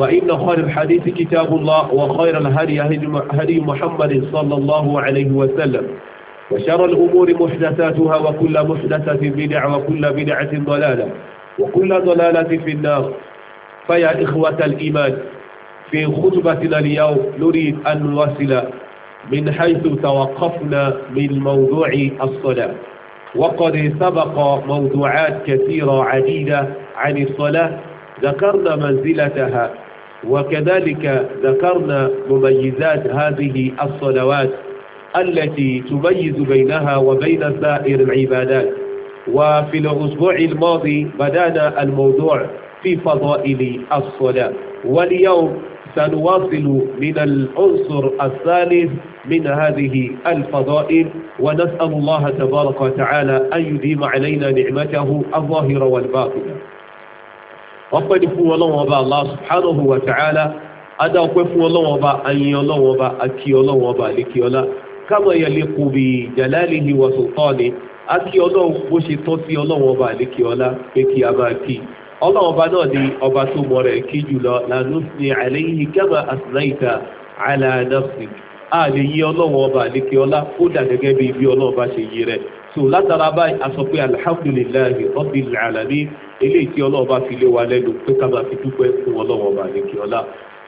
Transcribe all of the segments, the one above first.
فإن خير الحديث كتاب الله وخير الهدي هدي محمد صلى الله عليه وسلم وشر الأمور محدثاتها وكل محدثة بدع وكل بدعة ضلالة وكل ضلالة في النار فيا إخوة الإيمان في خطبتنا اليوم نريد أن نواصل من حيث توقفنا من موضوع الصلاة وقد سبق موضوعات كثيرة عديدة عن الصلاة ذكرنا منزلتها وكذلك ذكرنا مميزات هذه الصلوات التي تميز بينها وبين سائر العبادات وفي الأسبوع الماضي بدأنا الموضوع في فضائل الصلاة واليوم سنواصل من العنصر الثالث من هذه الفضائل ونسأل الله تبارك وتعالى أن يديم علينا نعمته الظاهرة والباطنة wọ́n pẹ́ ní fún ọlọ́wọ́n ọba Allah subhanahu wa ta'ala adá ọpẹ́ fún ọlọ́wọ́n ọba ayin ọlọ́wọ́n ọba akí ọlọ́wọ́n ọba àlékí ọlá kama yaliqu bi jalalihi wa sultani akí ọlọ́wọ́n bó ṣe tọ́ sí ọlọ́wọ́n ọba àlékí ọlá pé kí a máa kí ọlọ́wọ́n ọba náà ni ọba tó mọ rẹ̀ kí jùlọ la nusni alayhi kama asnayta ala ọlọ́wọ́n ọba àlékí ọlá ele tí ọlọ́run bá fi lé wa lẹ́nu pé ká máa fi dúpẹ́ fún ọlọ́run ọba àlékè ọlá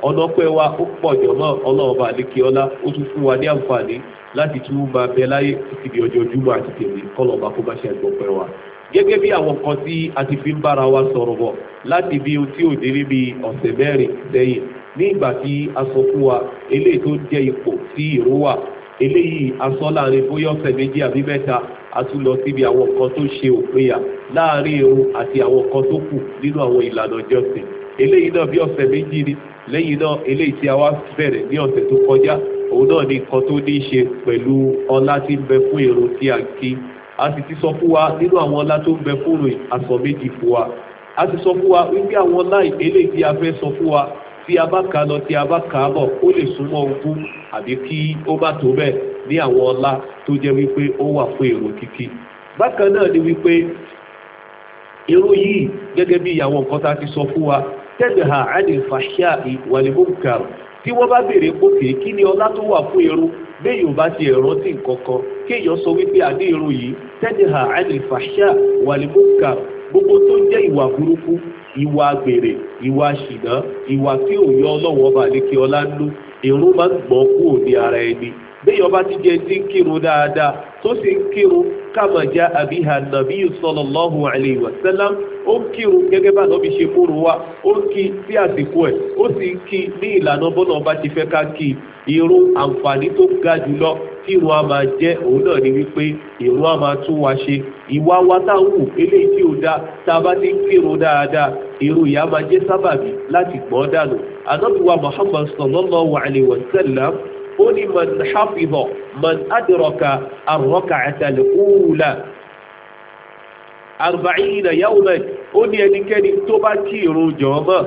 ọ̀nà pẹ́ wa ó pọ̀ ọlá ó tún fún wa ní àǹfààní láti tún máa bẹ láyé di ọjọ́ ojúmọ́ àti tèmi kọ́lọ̀ kó bá ṣe pẹ́ wa gẹ́gẹ́ kan tí a ti fi ń bára wa sọ̀rọ̀ bọ̀ láti bí ohun tí ò dé níbi ọ̀sẹ̀ mẹ́rin sẹ́yìn ní a sọ fún wa eléyìí tó jẹ́ eléyìí asọ́ láàrin bóyá ọ̀sẹ̀ méjì àbí mẹ́ta a tún lọ síbi àwọn nǹkan tó ṣe òpinya láàrin irun àti àwọn nǹkan tó kù nínú àwọn ìlànà ìjọsìn eléyìí náà bí ọ̀sẹ̀ méjì ni lẹ́yìn náà eléyìí tí a wá bẹ̀rẹ̀ ní ọ̀sẹ̀ tó kọjá òun náà ni nǹkan tó ní í ṣe pẹ̀lú ọlá tí ń bẹ fún irun tí a kí a sì ti sọ fún wa nínú àwọn ọlá tó ń bẹ fún rìn asọ méjì fún wa a sì sọ fún wa wípé àwọn ọlá eléyìí tí a fẹ́ sọ fún wa tí a bá kà lọ tí a bá kà bọ̀ ó lè súnmọ́ ogún àbí kí ó bá tó bẹ́ẹ̀ ní àwọn ọlá tó jẹ́ wípé ó wà fún èrò kíkí bákan náà ni wípé irú yìí gẹ́gẹ́ bí àwọn nǹkan ti sọ fún wa tẹ́lẹ̀ ha àní tí wọ́n bá béèrè kí ni ọlá tó wà fún irú bá ti sọ wípé yìí tẹ́lẹ̀ ha àní gbogbo tó jẹ́ ìwà burúkú ìwà àgbèrè ìwà ṣìnà ìwà tí ò yọ ọlọ́wọ́ ọba àlékè ọlá ń lò ìrun máa ń gbọ́n kú òní ara ẹni bẹ́ẹ̀ ọba ti jẹ́ ti ń kírun dáadáa tó sì ń kírun kama jaa abiha nabiyu sallallahu alayhi ó ń kí o gẹ́gẹ́ bá lọ́bi ṣe fóru wa ó ń kí sí àsìkò ẹ̀ ó sì ń kí ní ìlànà bọ́nà ọba ti fẹ́ ká kí irun àǹfààní tó ga jùlọ tí irun a máa jẹ́ òun náà ni wípé irun a máa tún wa ṣe ìwà wa tá ń wù eléyìí tí ò dáa tá a bá ti ń kírun dáadáa irun ìyá máa jẹ́ sábàbí láti gbọ́n dànù anábìwá Muhammad sallallahu alayhi wa sallam ó ní man hafiza man adraka ar-rak'ata arba'ina yawman ó ní ẹnikẹ́ni tó bá kí irun jọ̀ọ́mọ̀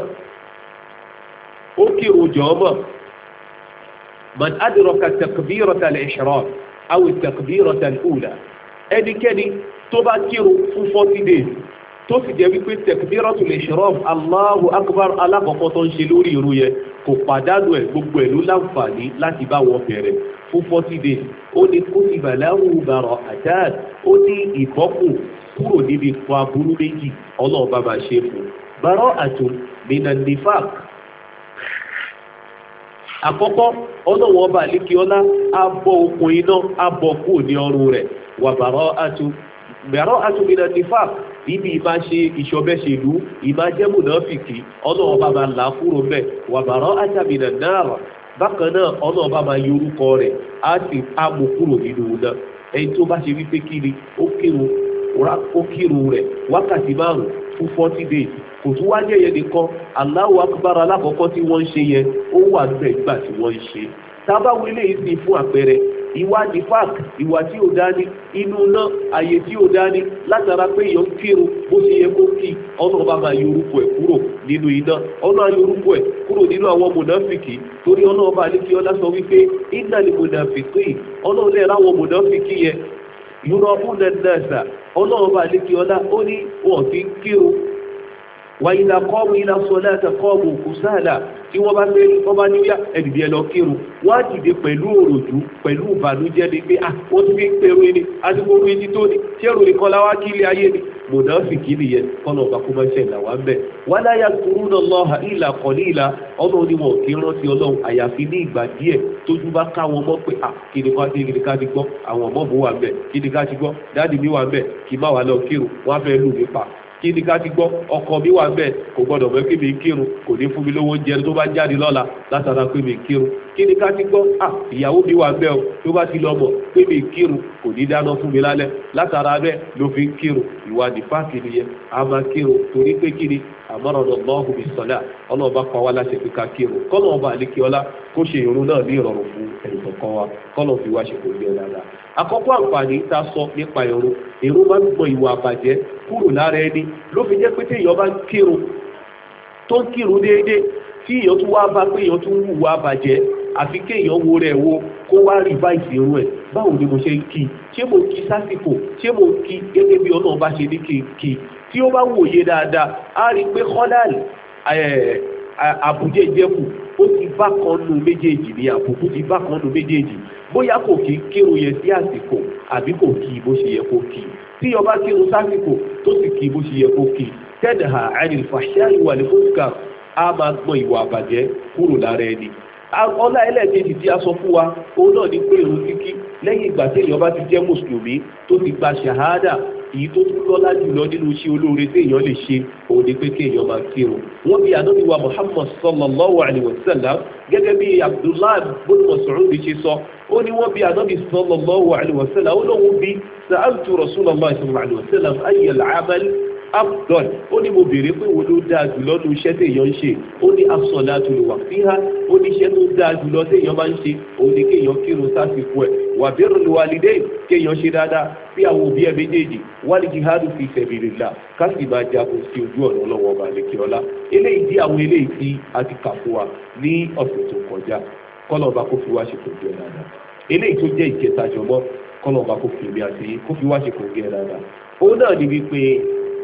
ó kí irun jọ̀ọ́mọ̀ man adraka takbirata al-ihram aw takbirata al-ula ẹnikẹ́ni tó bá kírun fún forty days tó sì jẹ́ wípé takbiratul ihram Allahu akbar alákọ̀ọ́kọ́ tó ń ṣe lórí irú yẹ kò fún forty days ó ní kó ti bàrọ̀ àjáàd ó ní ìbọ́kù kúrò níbi ipò aburú méjì ọlọ́run bá máa ṣe fún bàrọ́ àtò mina nifak àkọ́kọ́ ọlọ́run ọba àlékiọ́lá á bọ́ okùn iná á bọ́ kúrò ní ọrùn rẹ̀ wà bàrọ́ àtò bẹ̀rọ atúmìnà nífà níbi ìbá ṣe ìṣọ̀bẹ́ṣèlú ìbá jẹ́mù náà fìkì ọlọ́run bá máa là kúrò bẹ́ẹ̀ wà bàrọ atàmìnà náà bákan náà ọlọ́run bá yorúkọ rẹ̀ á sì á kúrò nínú ẹni tó bá ṣe wípé kiri ó kéwòn ó kírun rẹ̀ wákàtí márùn fún forty days kò tún wá jẹ́yẹ nìkan Allahu akbar alákọ̀ọ́kọ́ tí wọ́n ń ṣe yẹn ó wà bẹ́ẹ̀ gbà tí wọ́n ń ṣe tábàwí eléyìí sì fún àpẹẹrẹ ìwà nifak ìwà tí ò dání inú iná àyè tí ò dání látara pé èèyàn kírun bó ṣe yẹ kó kí ọ̀nà ọba máa yọ orúkọ ẹ̀ kúrò nínú iná ọ̀nà ayọ ẹ̀ kúrò nínú àwọn mọ̀nàfìkì torí ọ̀nà ọba àlékí ọlá sọ wípé ìdánimọ̀nàfìkì ọ̀nà ọ̀lẹ́ẹ̀ráwọ̀ mọ̀nàfìkì yẹn yúrọ fún lẹ́dẹ̀ẹ́sà ọlọ́run bá lé kí ọlá ó ní wọ́n fi ń kí o wà ìlà kọ́ọ̀mù ìlà sọlá ẹ̀sà kọ́ọ̀mù kù sáàlà tí wọ́n bá fẹ́ rí wọ́n bá níyà ẹ̀dìdì ẹ̀ wá dìde pẹ̀lú òròjú pẹ̀lú ìbànújẹ́ ni pé ah ó ti fi ń pẹ̀rù àti gbogbo ẹni tó ní ṣẹ́rù nìkan láwá kí ilé ayé ni mùnàfìkì nìyẹn kọ́nà ọba kó máa ṣe ìlàwà ń bẹ̀. wọ́n láyà kúrúnà lọ́ha ìlà kan ní ìlà ọmọ oníwọ̀n kì ayafi rántí ọlọ́run àyàfi ní ìgbà díẹ̀ tójú bá ká wọn mọ́ pé à kíni ká ti kíni ká ti gbọ́ àwọn ọmọ mi wà ń bẹ̀ kíni ká ti gbọ́ dáàdì kí ni ká ti gbọ́ ọkọ mi wà bẹ́ẹ̀ kò gbọ́dọ̀ mọ̀ pé mi kírun kò ní fún mi lówó oúnjẹ tó bá jáde lọ́la látara pé mi kírun kí ni ká ti gbọ́ à ìyàwó mi wà bẹ́ẹ̀ o tó bá ti lọ mọ̀ pé mi kírun kò ní dáná fún mi lálẹ́ látara bẹ́ẹ̀ ló fi ń kírun ìwà nífàkì nìyẹn a máa kírun torí pé kí ni àmọ́ràn ọlọ́hùn mi sọ̀lá ọlọ́ọ̀bá pa wá láṣẹ pé ká kírun kọ́nà ọba àlékiọlá kó ṣe ìrun náà ní ìrọ̀rùn fún ẹnì kọ̀ọ̀kan wa kọ́nà fi wá ṣe kò ní ẹ̀ àkọ́kọ́ àǹfààní tá a sọ nípa ìrun èrò bá ń gbọ̀n ìwà àbàjẹ́ kúrò lára ẹni ló fi jẹ́ pé tí èèyàn bá ń kírun tó ń kírun déédéé tí èèyàn tún wá bá pé èèyàn tún wùwà àbàjẹ́ àfi kéèyàn wo rẹ̀ wo kó wá rí báyìí irú ẹ̀ báwo ni mo ṣe ń kí ṣé mo kí sásìkò ṣé mo kí gẹ́gẹ́ bí ọlọ́run bá ṣe ní kí n kí tí ó bá wòye dáadáa á rí i pé kọ́láàlì àbújẹ́ ìjẹ́kù ó ti bá kan nu méjèèjì ní àbùkù ti bá kan nu méjèèjì bóyá kò kí kírun yẹn sí àsìkò àbí kò kí bó ṣe yẹ kó kí tí ó bá kírun sásìkò tó sì kí bó ṣe yẹ kó kí tẹ́nà àìrìn fàṣẹ ìwà ní fúnkà á máa gbọ́n ìwà àbàjẹ́ kúrò lára ẹni ọlá ẹlẹ́ẹ̀kejì tí a sọ fún wa òun náà ni pé ìrun kíkí lẹ́yìn ìgbà tí èèyàn bá ti jẹ́ mùsùlùmí tó ti gba ṣàhádà èyí tó tún lọ́lá jùlọ nínú iṣẹ́ olóore tí èèyàn lè ṣe òun ni pé kéèyàn máa kírun wọ́n bí ànábì wa muhammad sallallahu alayhi wa sallam gẹ́gẹ́ bí abdullahi bin mas'ud ṣe sọ ó ní wọ́n bí ànábì sallallahu alayhi wa sallam ó lóun bí sa'altu rasulallah sallallahu alayhi wa sallam ayyal abdul ó ní mo béèrè pé wo ló dáa jù lọ́nu iṣẹ́ téèyàn ń ṣe ó ní as-salatu li waqtiha ó ní iṣẹ́ tó dáa jù lọ téèyàn máa ń ṣe ó ní kéèyàn kírun sásìkò ẹ̀ wa birrul walidayn kéèyàn ṣe dáadáa sí àwọn òbí ẹ̀ méjèèjì wal jihadu fi sabilillah ká sì máa jagun sí ojú ọ̀nà ọlọ́wọ́ ọba àlekè ọlá eléyìí dí àwọn eléyìí tí a ti kà fún wa ní ọ̀sẹ̀ òun náà ni wípé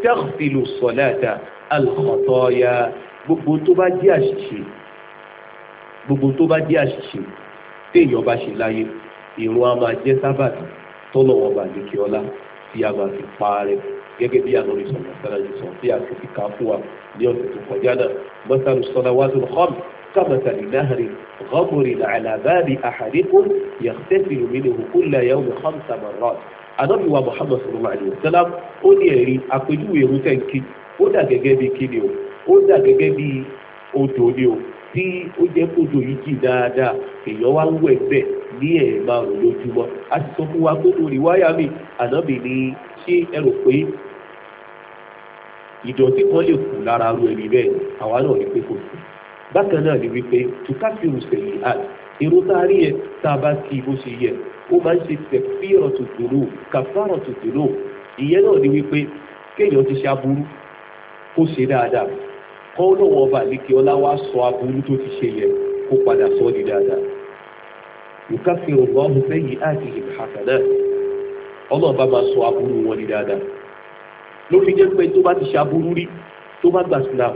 tẹ́kìlù sọ̀láta alkọ̀tọ́ya gbogbo tó bá jẹ́ àṣìṣe gbogbo tó bá jẹ́ àṣìṣe téèyàn bá ṣe láyé ìrun a máa jẹ́ sábàtì tọ́lọ̀wọ̀ bàdìkì ọlá tí a máa fi pa rẹ̀ gẹ́gẹ́ bí àlọ́rí sọ̀rọ̀ sọ́lájú sọ̀rọ̀ bí a ti fi kà fún wa ní ọ̀sẹ̀ tó kọjá náà mọ́sálù sọ́lá wájú hàn كمثل نهر غبر على باب أحدكم يغتسل منه كل يوم خمس مرات ànábì wa muhammad sallallahu alayhi wa sallam ó ní ẹ̀rí àpèjúwe irú tẹ̀ǹkì ó dà gẹ́gẹ́ bí kíni o ó dà gẹ́gẹ́ bí odò ni o tí ó jẹ́ kódò yìí jì dáadáa èèyàn wá ń wẹ̀ bẹ́ẹ̀ ní ẹ̀ẹ̀márùn lójúmọ́ a ti sọ fún wa pé lórí wáyà mi ànábì ni ṣé ẹ rò pé ìdọ̀tí kan lè kù lára ru ẹni bẹ́ẹ̀ àwa náà ní pé kò sí bákan náà ni wípé tukafiru sẹ̀yìn àti ìró táàrí yẹn tá a bá kí bó ṣe yẹ ó máa ń ṣe tẹ̀fírọ̀ tòtòrò kàfárọ̀ tòtòrò ìyẹn náà ni wípé kéèyàn ti ṣe aburú kó ṣe dáadáa kọ́ lọ́wọ́ ọba àlékè ọlá wa sọ aburú tó ti ṣe yẹ kó padà sọ ọ́ di dáadáa yòókàfẹ́rọ̀ lọ́wọ́ mo fẹ́ yí àti ìhàkàdá ọlọ́ọ̀bá máa sọ aburú wọn di dáadáa ló fi jẹ́ pé tó bá ti ṣe aburú rí tó bá gbà sílá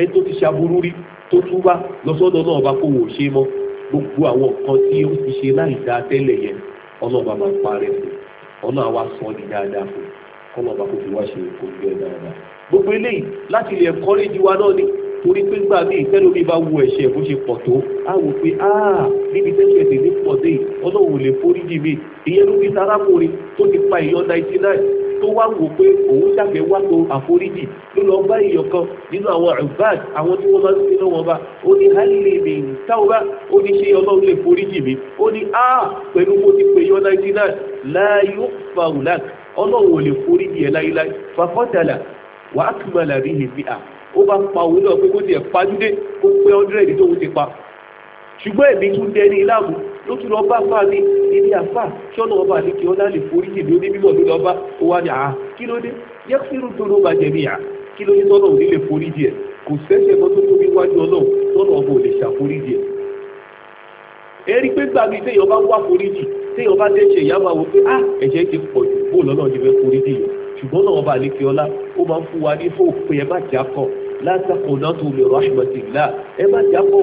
ẹni tó ti ṣe aburú rí tó túbá lọ́sọ́dọ̀ náà bá kó wò ṣe mọ́ gbogbo àwọn nǹkan tí ó ti ṣe láì dáa tẹ́lẹ̀ yẹn ọlọ́ba máa ń parẹ́ fún ọlọ́run àwa sọ ní dáadáa fún kọ́lọ́ba kò fi wá ṣe kò gbé dáadáa gbogbo eléyìí láti lè kọ́rẹ́jì wa náà ni torí pé gbà mí ìtẹ́lómi bá wo ẹ̀ṣẹ̀ bó ṣe pọ̀ tó á wò pé áà níbi tẹ́ṣẹ̀ tèmi pọ̀ dé ọlọ́run ò lè foríjì mi ìyẹn ló fi sarakùnrin tó ti pa ìyọ́ 99 tó wá wò pé òun ṣàfẹ́ wá tó àforíjì ló lọ bá èèyàn kan nínú àwọn àrùbáàd àwọn tí wọ́n máa ń sin náà wọn bá ó ní hálìlẹ̀ mi táwọ́bá ó ní ṣe ọlọ́run lè foríjì mi ó ní á pẹ̀lú mo ti pè yọ náírà náà láyò fàwùlák ọlọ́run ò lè foríjì ẹ̀ láyéláyé fàkọ́tàlà wàá túmọ̀ làbí ìhìnfìhà ó bá pa òun náà pé kó tiẹ̀ pàdúdé kó pé ọ́ndúrẹ́dì tóun ti pa ṣùgbọ́n ẹ̀mí tún dẹni láàmú ló tún lọ bá fà ní ilé àfà tí ọ̀nà ọba àdékè ọ̀nà lè forí jì lórí mímọ̀ ló lọ bá ó wá ní àá kí ló dé yẹ kí irú tó ló máa jẹ níyà kí ló dé tọ́nà òní lè forí jì ẹ̀ kò sẹ́sẹ̀ mọ́ tó tóbi wájú ọlọ́run tọ́nà ọba ò lè ṣàforí jì ẹ̀. ẹ̀rí pé gbà mí téèyàn bá wá forí jì téèyàn bá dẹ́ṣẹ̀ ìyá máa wọ pé á ẹ̀ṣẹ̀ ti pọ̀ jù bó lọ́nà ti forí jì ṣùgbọ́n náà ọba àlekè ọlá ó máa ń fún wa ní fóòpin ẹ má jà kọ látàkùn náà tó lè rọ àṣùmọ̀tì ńlá ẹ má jà kọ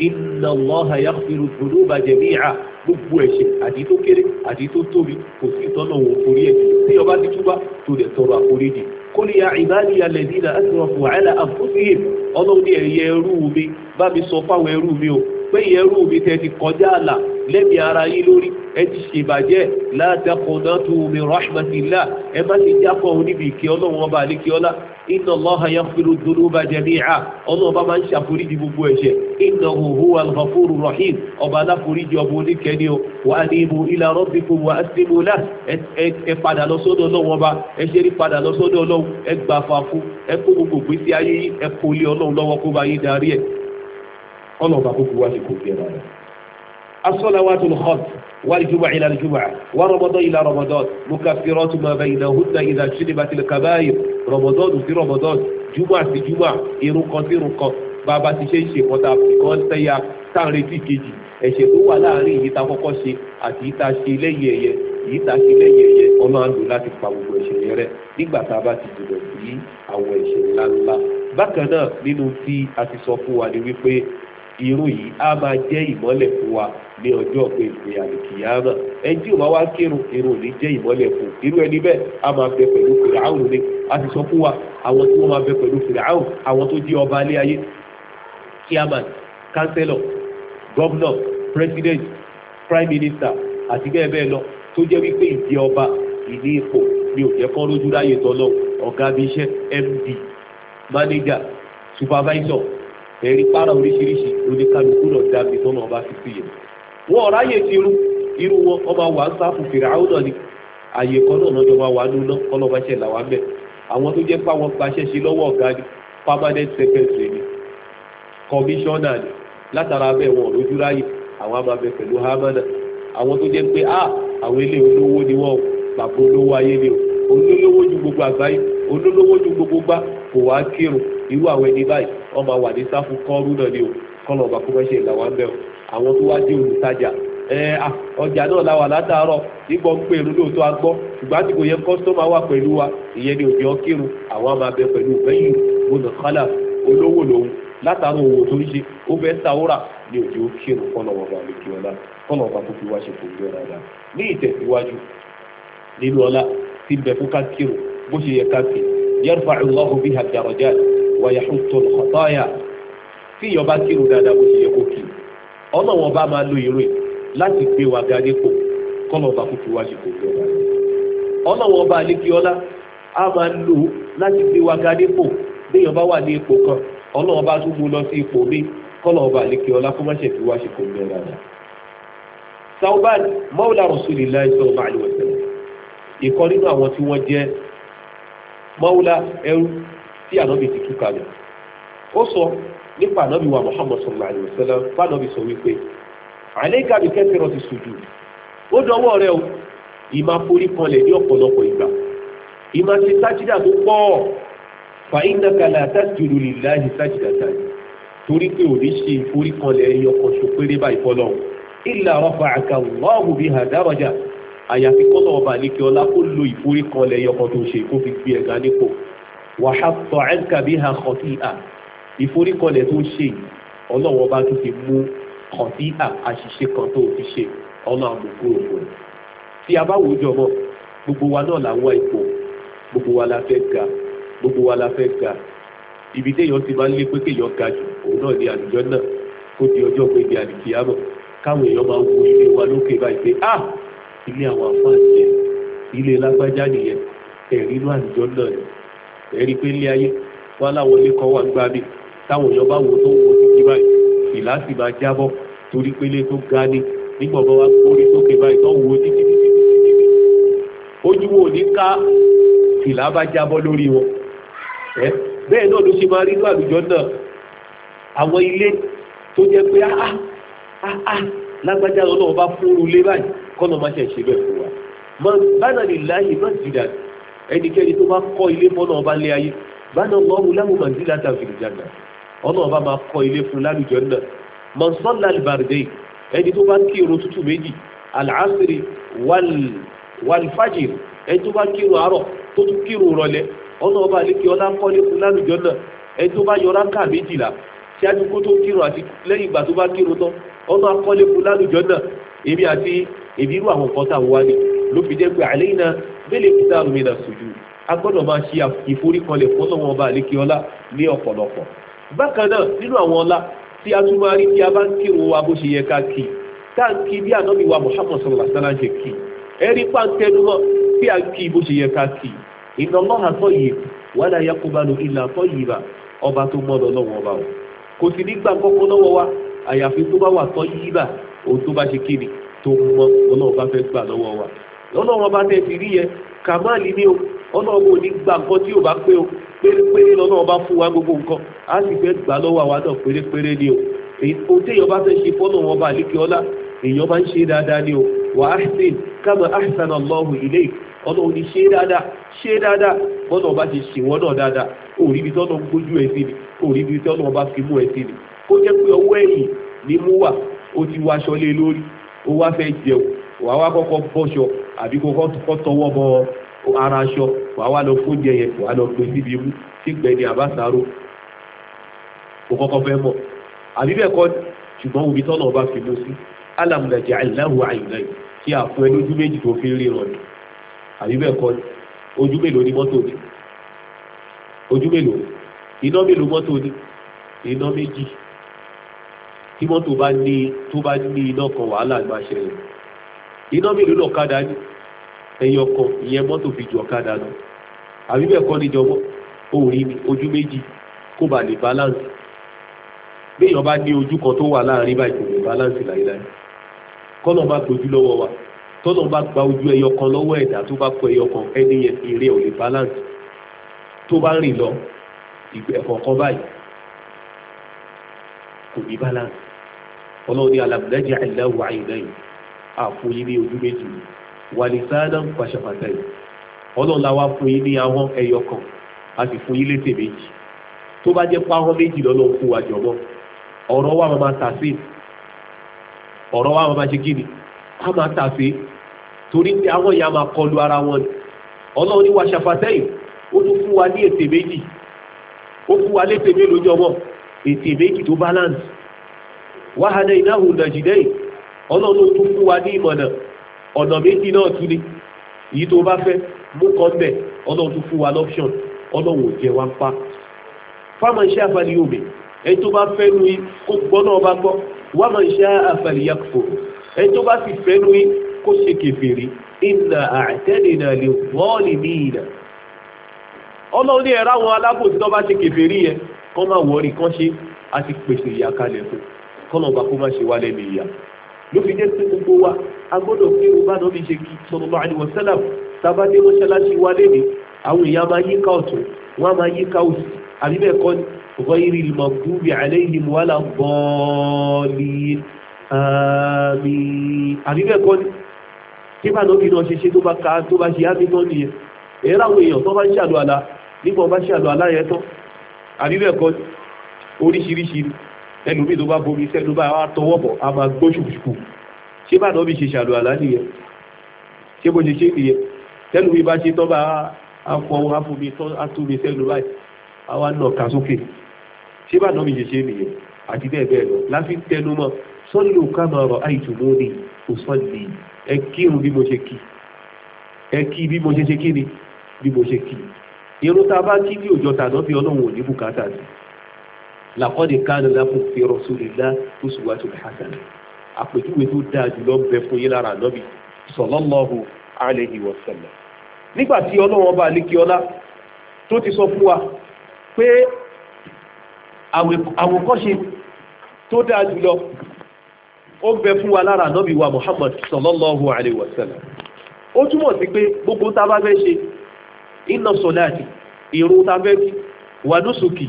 inna Allaha yaghfiru dhunuba jami'a gbogbo ẹ̀ṣẹ̀ àti tó kéré àti tó tóbi kò sí ìtọ́nà òun forí ẹ̀ tí ọba ti túbá tó dẹ̀ tọrọ àforíjì qul ya ibadiya alladhina asrafu ala anfusihim ọlọ́run ní ẹ̀yẹ ẹrú mi bá mi sọ fáwọn ẹrú mi o pé ẹrú mi tẹ́ ti kọjá àlà lẹ́mìí ara yín lórí ẹ ti ṣèbàjẹ́ la taqnatu min rahmatillah ẹ má ti jápọ̀ níbi ìkẹ́ ọlọ́run ọba àlékẹ́ ọlá inna Allaha yaghfiru dhunuba jami'a ọlọ́run ọba máa ń ṣàforíjì gbogbo ẹ̀ṣẹ̀ innahu huwal ghafurur rahim ọba aláforíjì ọba oníkẹ́ni o wa anibu ila rabbikum wa aslimu lahu ẹ padà lọ sọ́dọ̀ ọlọ́run ọba ẹ ṣe rí padà lọ sọ́dọ̀ ọlọ́run ẹ gbà fàákú ẹ kó gbogbo الصلوات الخمس والجمع إلى الجمعة ورمضان إلى رمضان مكفرات ما بينهن إذا اجتنبت الكبائر رمضان في رمضان جمعة في جمعة ìrun sí ìrun bàbá ti ṣe ń ṣe kọta kan tẹ́yà táàrin tí kejì ẹ̀ṣẹ̀ tó wà láàrin èyí tá kọ́kọ́ ṣe àti èyí tá ṣe lẹ́yìn ẹ̀yẹ èyí tá ṣe lẹ́yìn ẹ̀yẹ ọmọ àndò láti pa gbogbo ẹ̀ṣẹ̀ yẹn rẹ́ nígbà tá a bá ti jùlọ sí àwọn ẹ̀ṣẹ̀ ńláńlá bákan náà nínú tí a ti sọ fún wa ni wípé irun yìí á máa jẹ́ ìmọ́lẹ̀ fún wa ní ọjọ́ pé ìpè àlùkìyàmà ẹni tí ò bá wá kírun irun òní jẹ́ ìmọ́lẹ̀ fún irú ẹni bẹ́ẹ̀ a máa bẹ pẹ̀lú fìràáhùn ni a ti sọ fún wa àwọn tí wọ́n máa bẹ pẹ̀lú fìràáhùn àwọn tó jẹ́ ọba alẹ́ ayé chairman councillor governor president prime minister àti bẹ́ẹ̀ bẹ́ẹ̀ lọ tó jẹ́ wípé ìdí ọba ìní ipò ni ò jẹ́ kán lójú láyé tọ́lọ́ ọ̀gá bí iṣẹ́ md manager supervisor ẹ̀rí para oríṣiríṣi oníkálukú náà dábì tọ́nà ọba fífi yẹn wọ́n ráyè ti rú irú wọn ọba wà ń sáfù fèrè àwùjọ ni àyè kan náà lọ́jọ́ wa wà nínú kọ́lọ́ba ṣẹ̀ là wà bẹ́ẹ̀ àwọn tó jẹ́ pé àwọn gbaṣẹ́ ṣe lọ́wọ́ ọ̀gá ni permanent secretary ni commissioner ni látara bẹ́ẹ̀ wọn lójú ráyè àwọn pẹ̀lú hamana àwọn tó jẹ́ pé ah, àwọn ilé olówó ni wọ́n bàbá olówó ayé ni o olólówó ju gbogbo àgbáyé olólówó ju gbogbo gbá kò wá kírun irú àwọn ẹni báyìí wọ́n sáfù náà ni o o. àwọn tó wá dé olùtajà ọjà náà la wà látàárọ̀ nígbà ń pè é lóòótọ́ agbọ́ ṣùgbọ́n àti kò yẹ kọ́sítọ́mà wà pẹ̀lú wa ìyẹn ni òjò kírun àwọn máa bẹ pẹ̀lú bẹ́yìn gbọ́dọ̀ kálà olówó lòun látàárọ̀ owó tó ń ṣe ó fẹ́ sáwúrà ní òjò kírun fọ́nà ọba àlejò ọlá fọ́nà ọba tó fi wá ṣe fòǹgbẹ́ dáadáa ní ìtẹ̀síwájú nínú ọlá tí ń bẹ fún ká bó ṣe yẹ ká kí yarfa ọ̀nà wọn bá máa lo ìrìn láti gbé wa ga nípò kọ́nà ọba kò fi wá ṣe kò fi ọba ọ̀nà wọn bá ní kí ọlá a máa lò láti gbé wa ga nípò béèyàn bá wà ní ipò kan ọ̀nà ọba tún mú lọ sí ipò mi kọ́nà ọba ní kí ọlá kó má ṣe fi wá ṣe kò fi rẹ̀. sauban mawla rasulillah sallallahu alaihi wasallam ìkan nínú àwọn tí wọ́n jẹ́ mawla ẹrú tí ànábì ti túkalẹ̀ ó sọ nípa ànábì wa Muhammad sallallahu alayhi wa sallam fànábì sọ wípé àlẹ́ká mi kẹ́sì rọ ti sùjú ó dọwọ́ rẹ o ìmá forí kanlẹ̀ ní ọ̀pọ̀lọpọ̀ ìgbà ìmá ti sájídà tó pọ̀ fa innaka la tasjudu lillahi torí pé ò ní ṣe ìforí kanlẹ̀ ẹyọ kan ṣo péré báyìí fọlọ́ illa rafa'aka Allahu biha daraja àyàfi kọ́tọ̀ ọba àlékè ọlá kó lo ìforí kanlẹ̀ ẹyọ kan tó ṣe kó fi gbé ẹ̀gá nípò wa hatta 'anka biha khati'a ìforíkọlẹ̀ tó ṣe ọlọ́wọ́ bá tún fi mú kàn sí àṣìṣe kan tó fi ṣe ọ̀nà àbùkù òun tí a bá wò jọ mọ́ gbogbo wa náà là ń la fẹ́ ga gbogbo wa la fẹ́ ga ibi téèyàn ti máa ń lé pé kéèyàn ga jù òun náà ní àlùjọ náà kó di ọjọ́ pé ní àlùkìyàmọ̀ káwọn èèyàn máa wo ilé wa lókè báyìí pé ah ilé àwọn àfáàní yẹn ilé lágbájá nìyẹn ẹ̀rí inú àlùjọ náà ẹ̀rí pé ilé ayé wọn láwọn ilé kan wà ń gbá mi táwọn èèyàn bá wo tó wo títí báyìí ìlà sì máa jábọ́ torí pélé tó ga ni nígbà bá wa kórè sókè báyìí tó wo títí títí títí ojú wo ní ká ìlà bá jábọ́ lórí wọn bẹ́ẹ̀ náà ló ṣe máa rí inú àlùjọ náà àwọn ilé tó jẹ́ pé áá ah, áá ah, ah, lágbájá lọ́wọ́ bá fúnru lé báyìí kọ́nà máa ṣe ṣe bẹ́ẹ̀ fún wa bánà lè láàyè má jìdà ẹnikẹ́ni tó bá kọ́ ilé fọ́nà ọba lé ayé bánà lọ́wọ́ láwọn màá jìdà tàbí ìjànà ọlọ́run bá máa kọ́ ilé fún lálùjọ náà mọ̀nsán lálìbàrìdè ẹni tó bá ń kírun tútù méjì àlàásìrì wàlfàjìrì ẹni tó bá kírun àárọ̀ tó tún kírun rọ̀lẹ́ ọlọ́run bá lè kí ọlá kọ́ ilé fún lálùjọ náà ẹni tó bá yọra ká méjìlá ṣáájú kó tó kírun àti lẹ́yìn ìgbà tó bá kírun tán ọlọ́run akọ́lé fún lálùjọ náà èmi àti èmi irú máa ṣe ìforíkọlẹ̀ fọ́nà wọn bá ọlá ní ọ̀pọ̀lọpọ̀ bákan náà nínú àwọn ọlá tí a tún máa rí tí a bá ń kírun wa bó ṣe yẹ ká kì tá bí ànábì wa Muhammad sallallahu alaihi wasallam ṣe kì ẹ̀rí pàǹtẹ́numọ́ bí a ń kí bó ṣe yẹ ká kì inna Allaha tayyib wala yaqbalu illa tayyiba ọba tó mọ́ lọ́wọ́ ọba o kò sì ní gbà kọ́kọ́ lọ́wọ́ wa àyàfi tó bá wà tayyiba òun tó bá ṣe kí ni tó mọ́ ọlọ́run bá fẹ́ gbà lọ́wọ́ wa ọlọ́run ọba tẹ́ ti rí yẹ kàmáàlì ní o ọ̀nà ọba òní gba nǹkan tí yóò bá pé o pérépéré lọ́nà ọba fún wa gbogbo nǹkan á sì fẹ́ gbà lọ́wọ́ àwa náà pérépéré ni o ohun tí èèyàn bá fẹ́ ṣe fọ́nà wọn bá àlékè ọlá èèyàn bá ń ṣe dáadáa ni o wà á sì kama ahsan allahu ilayk ọ̀nà òní ṣe dáadáa ṣe dáadáa bọ́nà ọba ti ṣe wọ́n náà dáadáa òríbi tọ́nà gbójú ẹ̀ sí ni òríbi tọ́nà ọba fi mú ẹ̀ sí ni kó jẹ́ pé ọwọ́ ẹ̀yìn ni mú wà ó ti wá aṣọ lé lórí ó wá fẹ́ jẹun wàá wá kọ́kọ́ bọ́ṣọ àbí kọ́kọ́ tọwọ́ bọ ara aṣọ wà wá lọ fún jẹyẹ wà lọ pé síbi imú tí gbẹ ni àbáṣáró kò kọ́kọ́ fẹ́ mọ̀ àbí bẹ́ẹ̀ kọ́ ṣùgbọ́n omi tọ́nà ọba fi mú sí alamulajà aláhu àyìnláì tí a fún ẹ lójú méjì tó fi ríran ni àbí bẹ́ẹ̀ kọ́ ojú mélòó ni mọ́tò ni ojú mélòó iná mélòó mọ́tò ni iná méjì tí mọ́tò bá ní tó bá ní iná kan wàhálà máa ṣẹlẹ̀ iná mélòó lọ́kadà ni ẹyọ kan ìyẹn mọ́tò fi ju ọ̀kadà lọ àbí bẹ́ẹ̀ kọ́ níjọmọ́ òòrí ni ojú méjì kó ba lè balance béèyàn bá ní ojú kan tó wà láàrin báyìí kò lè balance láìláì kọ́nà bá gbójú lọ́wọ́ wa tọ́nà bá gba ojú ẹyọ kan lọ́wọ́ ẹ̀dá tó bá kọ ẹyọ kan ẹni yẹn eré ò lè balance tó bá rìn lọ ẹ̀kọ̀ọ̀kan báyìí kò ní balance ọlọ́run ní alamdájà ẹ̀láwọ̀ àyìnlẹ́yìn àfòyí ní ojú méjì yìí wàlìsánà fàṣàfàtà yìí ọlọ́run la wá fún ní a sì fún yín létè méjì tó bá jẹ́ méjì lọ́nà fún wa jọ̀bọ́ ọ̀rọ̀ wa máa tà sí ọ̀rọ̀ wa máa ṣe kí ni a máa tà sí torí pé àwọn kọlu ara wọn ni ọlọ́run ní yìí ó tún fún wa ní ètè méjì ó fún wa létè mélòó jọ̀bọ́ ètè méjì tó ọ̀nà méjì náà tún ni èyí tó bá fẹ́ mú kan bẹ̀ ọlọ́run tún fún wa lọ́pṣọ̀n ọlọ́run ò jẹ wá ń pa fáwọn iṣẹ́ àfàlì òmè ẹni tó bá fẹ́ nu kó gbọ́ náà bá gbọ́ wá máa iṣẹ́ àfàlì yàtọ̀ ẹni tó bá sì fẹ́ nu kó ṣe kèfèrí ìnà àtẹ́nìnà lè wọ́ọ̀lì ní ìnà ọlọ́run ní ẹ̀rá àwọn alábòsí tó bá ṣe kèfèrí yẹn kọ́ máa wọ̀ọ́rì kan ṣe àti pèsè ìyà kalẹ̀ fún kọ́nà ọba kó má ṣe wálẹ̀ ní ló fi jẹ́ sí gbogbo wa a gbọ́dọ̀ pé o bá dọ́bí ṣe kí sallallahu alaihi wasallam sábà dé mọ́ṣáláṣí wa lẹ́nu àwọn èèyàn máa yí ká ọ̀tún wọ́n máa yí ká òsì àbí bẹ́ẹ̀ kọ́ ni ghayril maghdubi alaihim wala ddallin ẹlòmíì tó bá bomi iṣẹ́ tó bá wá tọwọ́ bọ̀ a máa gbó ṣùkùṣùkù ṣé bá náà bí ṣe ṣàlù àlá nìyẹn ṣé bó ṣe ṣe nìyẹn tẹlòmíì bá ṣe tọ́ bá afọ afọmi tọ́ atúmi sẹ́nu báyìí àwa nà ká sókè ṣé bá náà bí ṣe ṣe nìyẹn àti bẹ́ẹ̀ bẹ́ẹ̀ lọ láfi tẹnu mọ́ sọ́lù kámọ̀rọ̀ àìtùmọ́ni òsọ́lì ẹ kírun bí mo ṣe kí ẹ kí bí mo ṣe ṣe kí ni bí mo ṣe kí irun tá bá kí ní òjò tàná bí ọlọ́run ò ní bùkátà sí làkọ́dé kánú lápùn fi rasulillah uswatul hasana àpèjúwe tó dáa jùlọ bẹ fún yín lára ànábì sallallahu alayhi wa sallam nígbà tí ọlọ́wọ́n bá lékè ọlá tó ti sọ fún wa pé àwòkọ́ṣe tó dáa jùlọ ó bẹ fún wa lára ànábì wa muhammad sallallahu alayhi wa sallam ó túmọ̀ sí pé gbogbo tá a bá fẹ́ ṣe inna solati ìrun tá a fẹ́ kí wa nusuki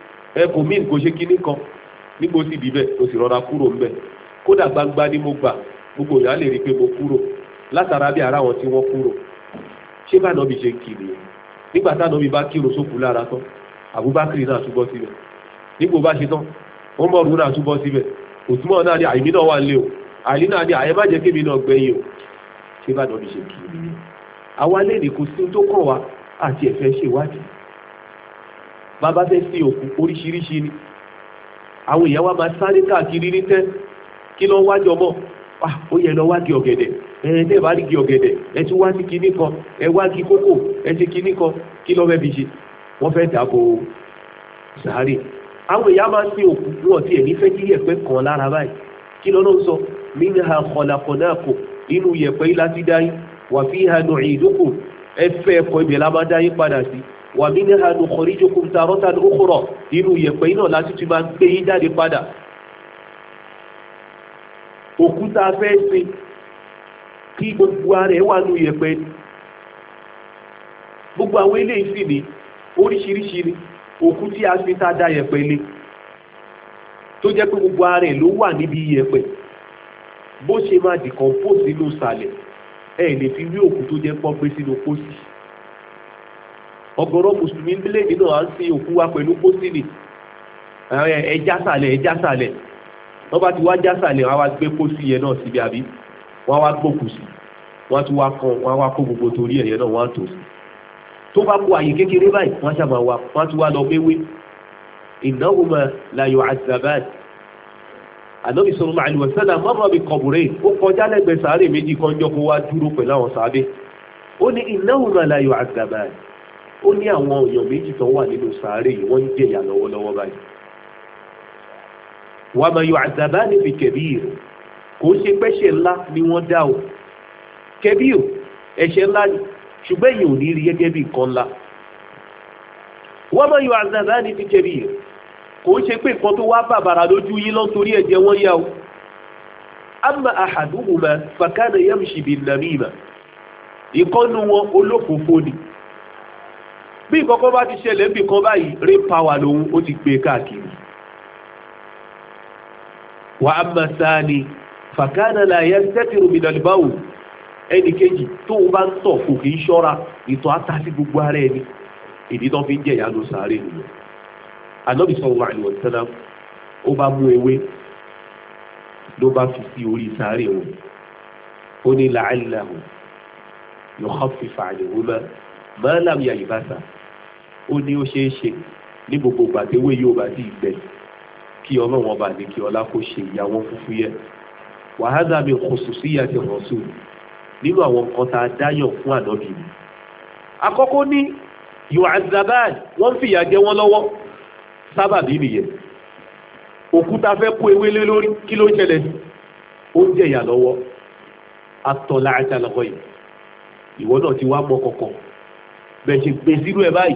ẹkùn mi kò ṣe kinní kan nígbò sì dìbẹ̀ o sì rọra kúrò ń bẹ̀ kódà gbangba ni mo gbà gbogbo ìyá lè rí i pé mo kúrò látara bí ara wọn tí wọ́n kúrò ṣé bá nọ́ọ̀bì ṣe ń kiri yẹn nígbà tá nọ́ọ̀bì bá kírun sókù lára tán Abubakar náà túbọ̀ síbẹ̀ nígbò bá ṣe tán Umaru náà túbọ̀ síbẹ̀ òtúmọ̀ náà ni àyè mi náà wà lé o àyè náà ni àyè má jẹ́ kémi náà gbẹ̀yìn o ṣé bá nọ́ọ̀bì ṣe kiri yẹn àwa lè ní kò sí tó kàn wá bàbá fẹ́ sí òkú oríṣiríṣi ni àwọn èèyàn wa máa sáré káàkiri ní tẹ́ kí lọ wá jọmọ ah, ó yẹ lọ wá di ọ̀gẹ̀dẹ̀ ẹ̀yẹ tẹ́ bá rí di ọ̀gẹ̀dẹ̀ ẹ tún wá sí kinní kan ẹ wá di kókò ẹ ti kinní kan kí lọ fẹ́ fi ṣe wọ́n fẹ́ dàbò sáré àwọn èèyàn máa sí òkú wọn tiẹ̀ ní fẹ́ kí yẹ̀pẹ̀ kan lára báyìí kí lọ́nà sọ minha khalaqnakum inú yẹ̀pẹ̀ yìí láti dá yín wa fiha nu'idukum ẹ fẹ́ ẹ̀kọ́ ibẹ̀ lá máa dá padà sí ومنها نخرجكم تارة أخرى inú yẹ̀pẹ̀ iná láti ti máa ń gbé yín jáde padà òkúta fẹ́ sin kí gbogbo ara ẹ̀ wà nù yẹ̀pẹ̀ gbogbo àwọn eléyìí sì ní oríṣiríṣi ni òkú tí a fi ta da yẹ̀pẹ̀ le tó jẹ́ pé gbogbo ara ẹ̀ ló wà níbi yẹ̀pẹ̀ bó ṣe máa decompose nínú ìsàlẹ̀ ẹ̀ lè fi rí òkú tó jẹ́ pọ́n gbé sínú pósí ọ̀gọ̀rọ̀ mùsùlùmí nílẹ̀dì náà ń sin òkú wa pẹ̀lú pósìlì ẹja sàlẹ̀ ẹja sàlẹ̀ wọ́n bá ti wá já sàlẹ̀ wọ́n á wá gbé pósì yẹn náà síbi àbí wọ́n á wá gbòkù sí wọ́n á tún wá kan wọ́n á wá kó gbogbo torí ẹ̀yẹ náà wọ́n á tò sí tó bá kó àyè kékeré báyìí wọ́n á sábà wá wọ́n á tún wá lọ méwé ìnáwó máa láyọ̀ àzàbáyì ànábì sọ̀rọ̀ máa sẹ́lá mọ́rọ̀ mi kọ̀bùrẹ́ ó kọjá lẹ́gbẹ̀ẹ́ sàárè méjì kan jọ kó wá dúró pẹ̀lú àwọn sàábé ó ní ìnáwó máa láyọ̀ àzàbáyì ó ní àwọn èèyàn méjì tó wà nínú sàárè yìí wọ́n ń jẹ̀yà lọ́wọ́lọ́wọ́ báyìí wà máa yọ àdàbà níbi kẹbíìrì kò ń ṣe pẹ́ṣẹ̀ ńlá ni wọ́n dá o kẹbíìrì ẹ̀ṣẹ̀ ńlá ni ṣùgbọ́n èyí ò ní rí gẹ́gẹ́ bí nǹkan ńlá wọ́n máa yọ àdàbà níbi kẹbíìrì kò ṣe pé nǹkan tó wá bàbàrà lójú yín lọ ẹ̀jẹ̀ wọ́n yá o amma ahaduhuma fakana yamshi bin namima wọn olófòfó ni bí ìkọ̀kọ́ bá ti ṣẹlẹ̀ ń bì kan báyìí rí pàwà lòun ó ti gbé káàkiri wà á máa sáà ni fàkánà là yẹ sẹ́tìrù mi nàlùbáwò ẹnì kejì tó o bá ń tọ̀ kò kì í ṣọ́ra ìtọ̀ ata sí gbogbo ara ẹni ìdí tó fi ń jẹ̀yà ló sáré nìyẹn anábì sallallahu alaihi wasallam ó bá mú ewé ló bá fi sí orí sáré wọn ó ní làálàá yóò hàn fífa àdéhùn mọ́ mọ́ làwọn yàrá ìbáṣà ó ní ó ṣeé ṣe ní gbogbo gbàdéwé yóò bá dì í gbẹ kí ọlọ́wọ́n bá ní kí ọlá kó ṣe ìyàwó fúfú yẹ wàhálà mi kò sùn sí ìyá ti hàn sùn nínú àwọn nǹkan tá a dáyàn fún ànábì mi àkọ́kọ́ ní yóò azabad wọ́n fìyà jẹ wọ́n lọ́wọ́ sábàbí nìyẹn òkúta fẹ́ kó ewé lé lórí kí ló ń ṣẹlẹ̀ sí oúnjẹ ìyà lọ́wọ́ atọ́lá àtàlọ́kọ̀ yìí ìwọ náà ti wá mọ kọ̀kọ̀ bẹ̀ ṣe gbèsè irú ẹ̀ báyìí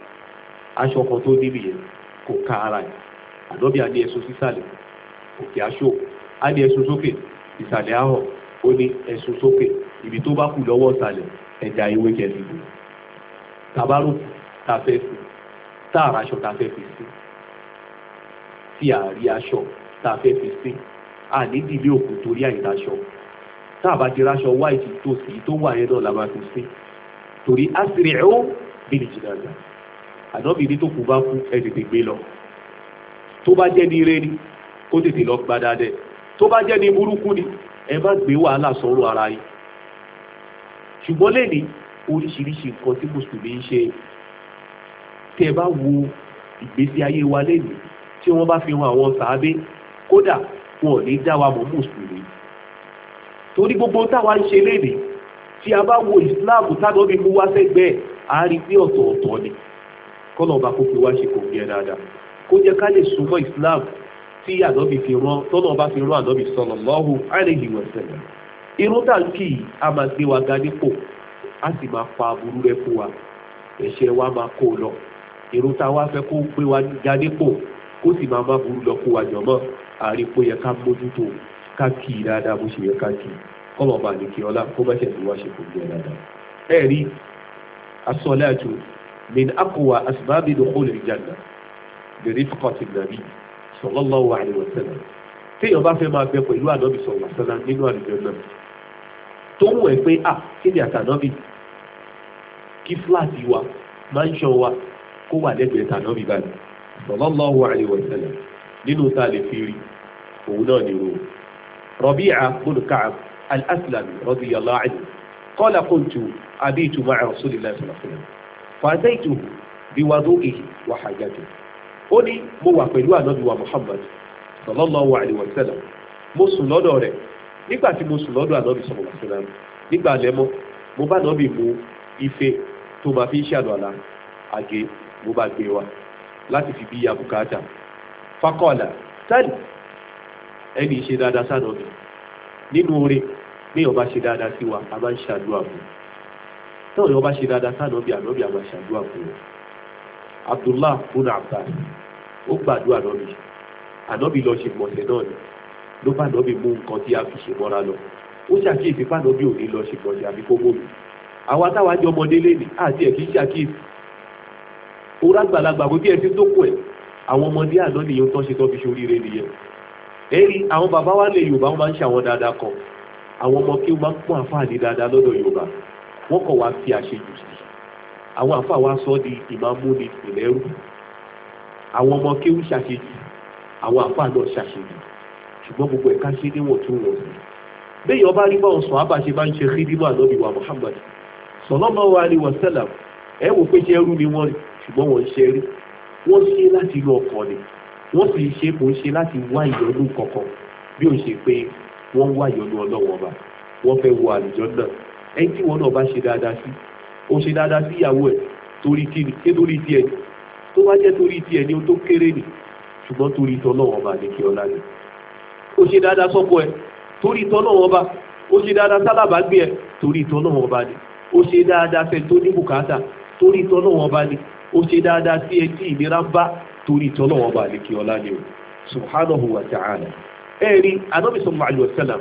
aṣọ ọkọ̀ tó níbi yẹn kò ká ara ẹ̀ ànábì á ní ẹ̀sọ sísàlẹ̀ òkè aṣọ á ní ẹ̀sọ sókè ìsàlẹ̀ ahọ̀ ó ní ẹ̀sọ sókè ibi tó bá kù lọ́wọ́ ìsàlẹ̀ ẹ̀dà ìwé kẹfì bò tàbárò ta fẹ́ fi táàrà aṣọ ta fẹ́ fi sí tí a rí aṣọ ta fẹ́ fi sí ànídìlé òkú torí àìdáṣọ táàbà ti ráṣọ wáìtì tó sì tó wà yẹn náà la máa fi sí torí àṣírí ẹ̀ ó bìrì jìnnà náà ànábì ní tó kù bá kú ẹ tètè gbé lọ tó bá jẹ́ ní ire ni kó tètè lọ gba dáadẹ́ tó bá jẹ́ ní burúkú ni ẹ má gbé wàhálà sọ̀rọ̀ ara yìí ṣùgbọ́n lẹ́ni oríṣiríṣi nǹkan tí mùsùlùmí ń ṣe tẹ bá wo ìgbésí ayé wa lẹ́ni tí wọ́n bá fi hàn àwọn sàábé kódà wọn ò ní dá wa mọ̀ mùsùlùmí torí gbogbo táwa ń ṣe lẹ́ni tí a bá wo ìsìláàmù tánàbí mú wá sẹ́gbẹ́ àárín pé ọ̀tọ̀ọ̀tọ̀ ni kọ́nà ọba kó fi wá ṣe kò fi ẹ dáadáa kó jẹ́ ká lè súnmọ́ islam tí ànábì fi rán tọ́nà ọba fi rán ànábì sallallahu alaihi wasallam irun tàǹkì a máa gbé wa ga nípò a sì máa fa aburú rẹ fún wa ẹ̀ṣẹ̀ wa máa kó lọ irun tá a wá fẹ́ kó gbé wa ga nípò kó sì máa má burú lọ fún wa jọ̀mọ́ àrípò yẹ ká mójútó ká kì í dáadáa bó ṣe yẹ ká kì í kọ́nà ọba àlèkè ọlá kó bá ṣẹ̀ tó wá ṣe kò fi ẹ dáadáa ẹ̀rí asọ́lẹ́ àjò من أقوى أسباب دخول الجنة برفقة النبي صلى الله عليه وسلم téèyàn bá fẹ́ máa bẹ pẹ̀lú ànábì sọ̀rọ̀ àṣálá nínú àlùjọ náà tó ń wẹ̀ pé à ah, kí ni àtànábì kí fúláàtì wa máa ń ṣan wa kó wà lẹ́gbẹ̀ẹ́ tànábì báyìí sallallahu alaihi wa sallam nínú tá a lè fi rí òun náà nírò Rabi'a bin Ka'b al-Aslami radiyallahu anhu qala kuntu abitu ma'a rasulillahi sallallahu alaihi wa sallam fàzẹ́ìtù bí wà lókè wà hajjajù ó ní mo wà pẹ̀lú ànábi wa muhammad sallallahu alayhi wa sallam mo sùn lọ́dọ̀ rẹ̀ nígbà tí mo sùn lọ́dọ̀ ànábi sallallahu alayhi wa sallam nígbà lẹ́mọ́ mo bá ànábi mu ife tó máa fi ń ṣàdọ̀ àlá àgé mo bá gbé wa láti fi bí ya bùkátà fakọ́ọ̀là tẹ́lẹ̀ ẹni ṣe dáadáa sánà mi nínú oore bí ọba ṣe dáadáa sí wa a máa ń ṣàdúrà fún un tó ìwọ́n bá ṣe dáadáa sáà nọ́bí ànọ́bí àwọn aṣàdúrà fún wọn Abdullah fún Abbas ó gbàdúrà nọ́bí ànọ́bí lọ ṣe mọ̀ọ́sẹ̀ náà ni ló bá nọ́bí mú nǹkan tí a fi ṣe mọ́ra lọ ó ṣàkíyèsí fánọ́bí ò ní lọ ṣe mọ̀ọ́sẹ̀ àbí kó mọ́mi àwa táwa jẹ́ ọmọdé lẹ́nì àti ẹ̀kí ṣàkíyèsí orí àgbàlagbà kò bí ẹ ti tó ẹ̀ àwọn ọmọdé àná nìyẹn tó ṣe tó wọ́n kàn wá fi àṣejù sí àwọn àfa wa sọ di ìmáàmúni ìlẹ́rù àwọn ọmọ kéwú ṣàṣejù àwọn àfa náà ṣàṣejù ṣùgbọ́n gbogbo ẹ̀ka ṣe níwọ̀ntúnwọ̀nsì bẹ́ẹ̀ ọba rí báwọn sọ àbáṣe bá ń ṣe kídímọ̀ ànábì wa Muhammad sallallahu alaihi wasallam ẹ wò pé ṣe ẹrú ni wọ́n rí ṣùgbọ́n wọ́n ṣe rí wọ́n ṣe láti lọ ọkọ̀ ni wọ́n sì ṣe kò ń ṣe láti wá ìyọnu kọ̀ọ̀kan bí ó ṣe pé wọ́n wá ìyọnu ọlọ́wọ́ ọba wọ́n fẹ́ wọ àlùjọ náà ẹni tí wọn náà bá ṣe dáadáa sí ó ṣe dáadáa sí ìyàwó ẹ̀ torí kíni ké torí tiẹ̀ ni tó bá jẹ́ torí tiẹ̀ ni ó tó kéré ni ṣùgbọ́n torí tọ́lọ́wọ́n bá ní kí ọlá ni ó ṣe dáadáa sọ́kọ ẹ̀ torí tọ́lọ́wọ́n bá ó ṣe dáadáa sálábàágbé ẹ̀ torí tọ́lọ́wọ́n bá ni ó ṣe dáadáa fẹ́ tó ní bùkátà torí tọ́lọ́wọ́n bá ni ó ṣe dáadáa sí ẹ tí ìnira bá torí tọ́lọ́wọ́n bá ní ọlá ni o subhanahu wa ta'ala ẹ̀rí anábìsọ̀ màlúù ọ̀sẹ̀lá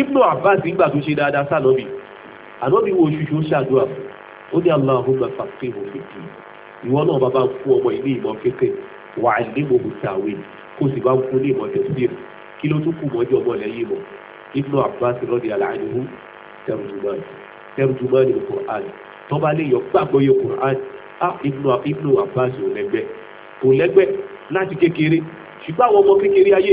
ibnu abbas nígbà tó ṣe dáadáa sálọ́bì ànábì wo oṣù tó ṣàdúrà ó ní Allahumma faqihhu fid-din ìwọ náà bá bá ń fún ọmọ ilé ìmọ̀ kékeré wà á ní mo tàwé kó sì bá ń fún ní ìmọ̀ tẹ̀síìr kí ló tún kù mọ́jú ọmọ lẹ́yìn mọ̀ Ibn Abbas radiyallahu anhu tẹ̀rùjùmáì tẹ̀rùjùmáì ní Qur'an tó bá lè yọ gbàgbọ́ yẹ Qur'an á Ibn Abbas ò lẹ́gbẹ́ kò lẹ́gbẹ́ láti kékeré ṣùgbọ́n àwọn ọmọ kékeré ayé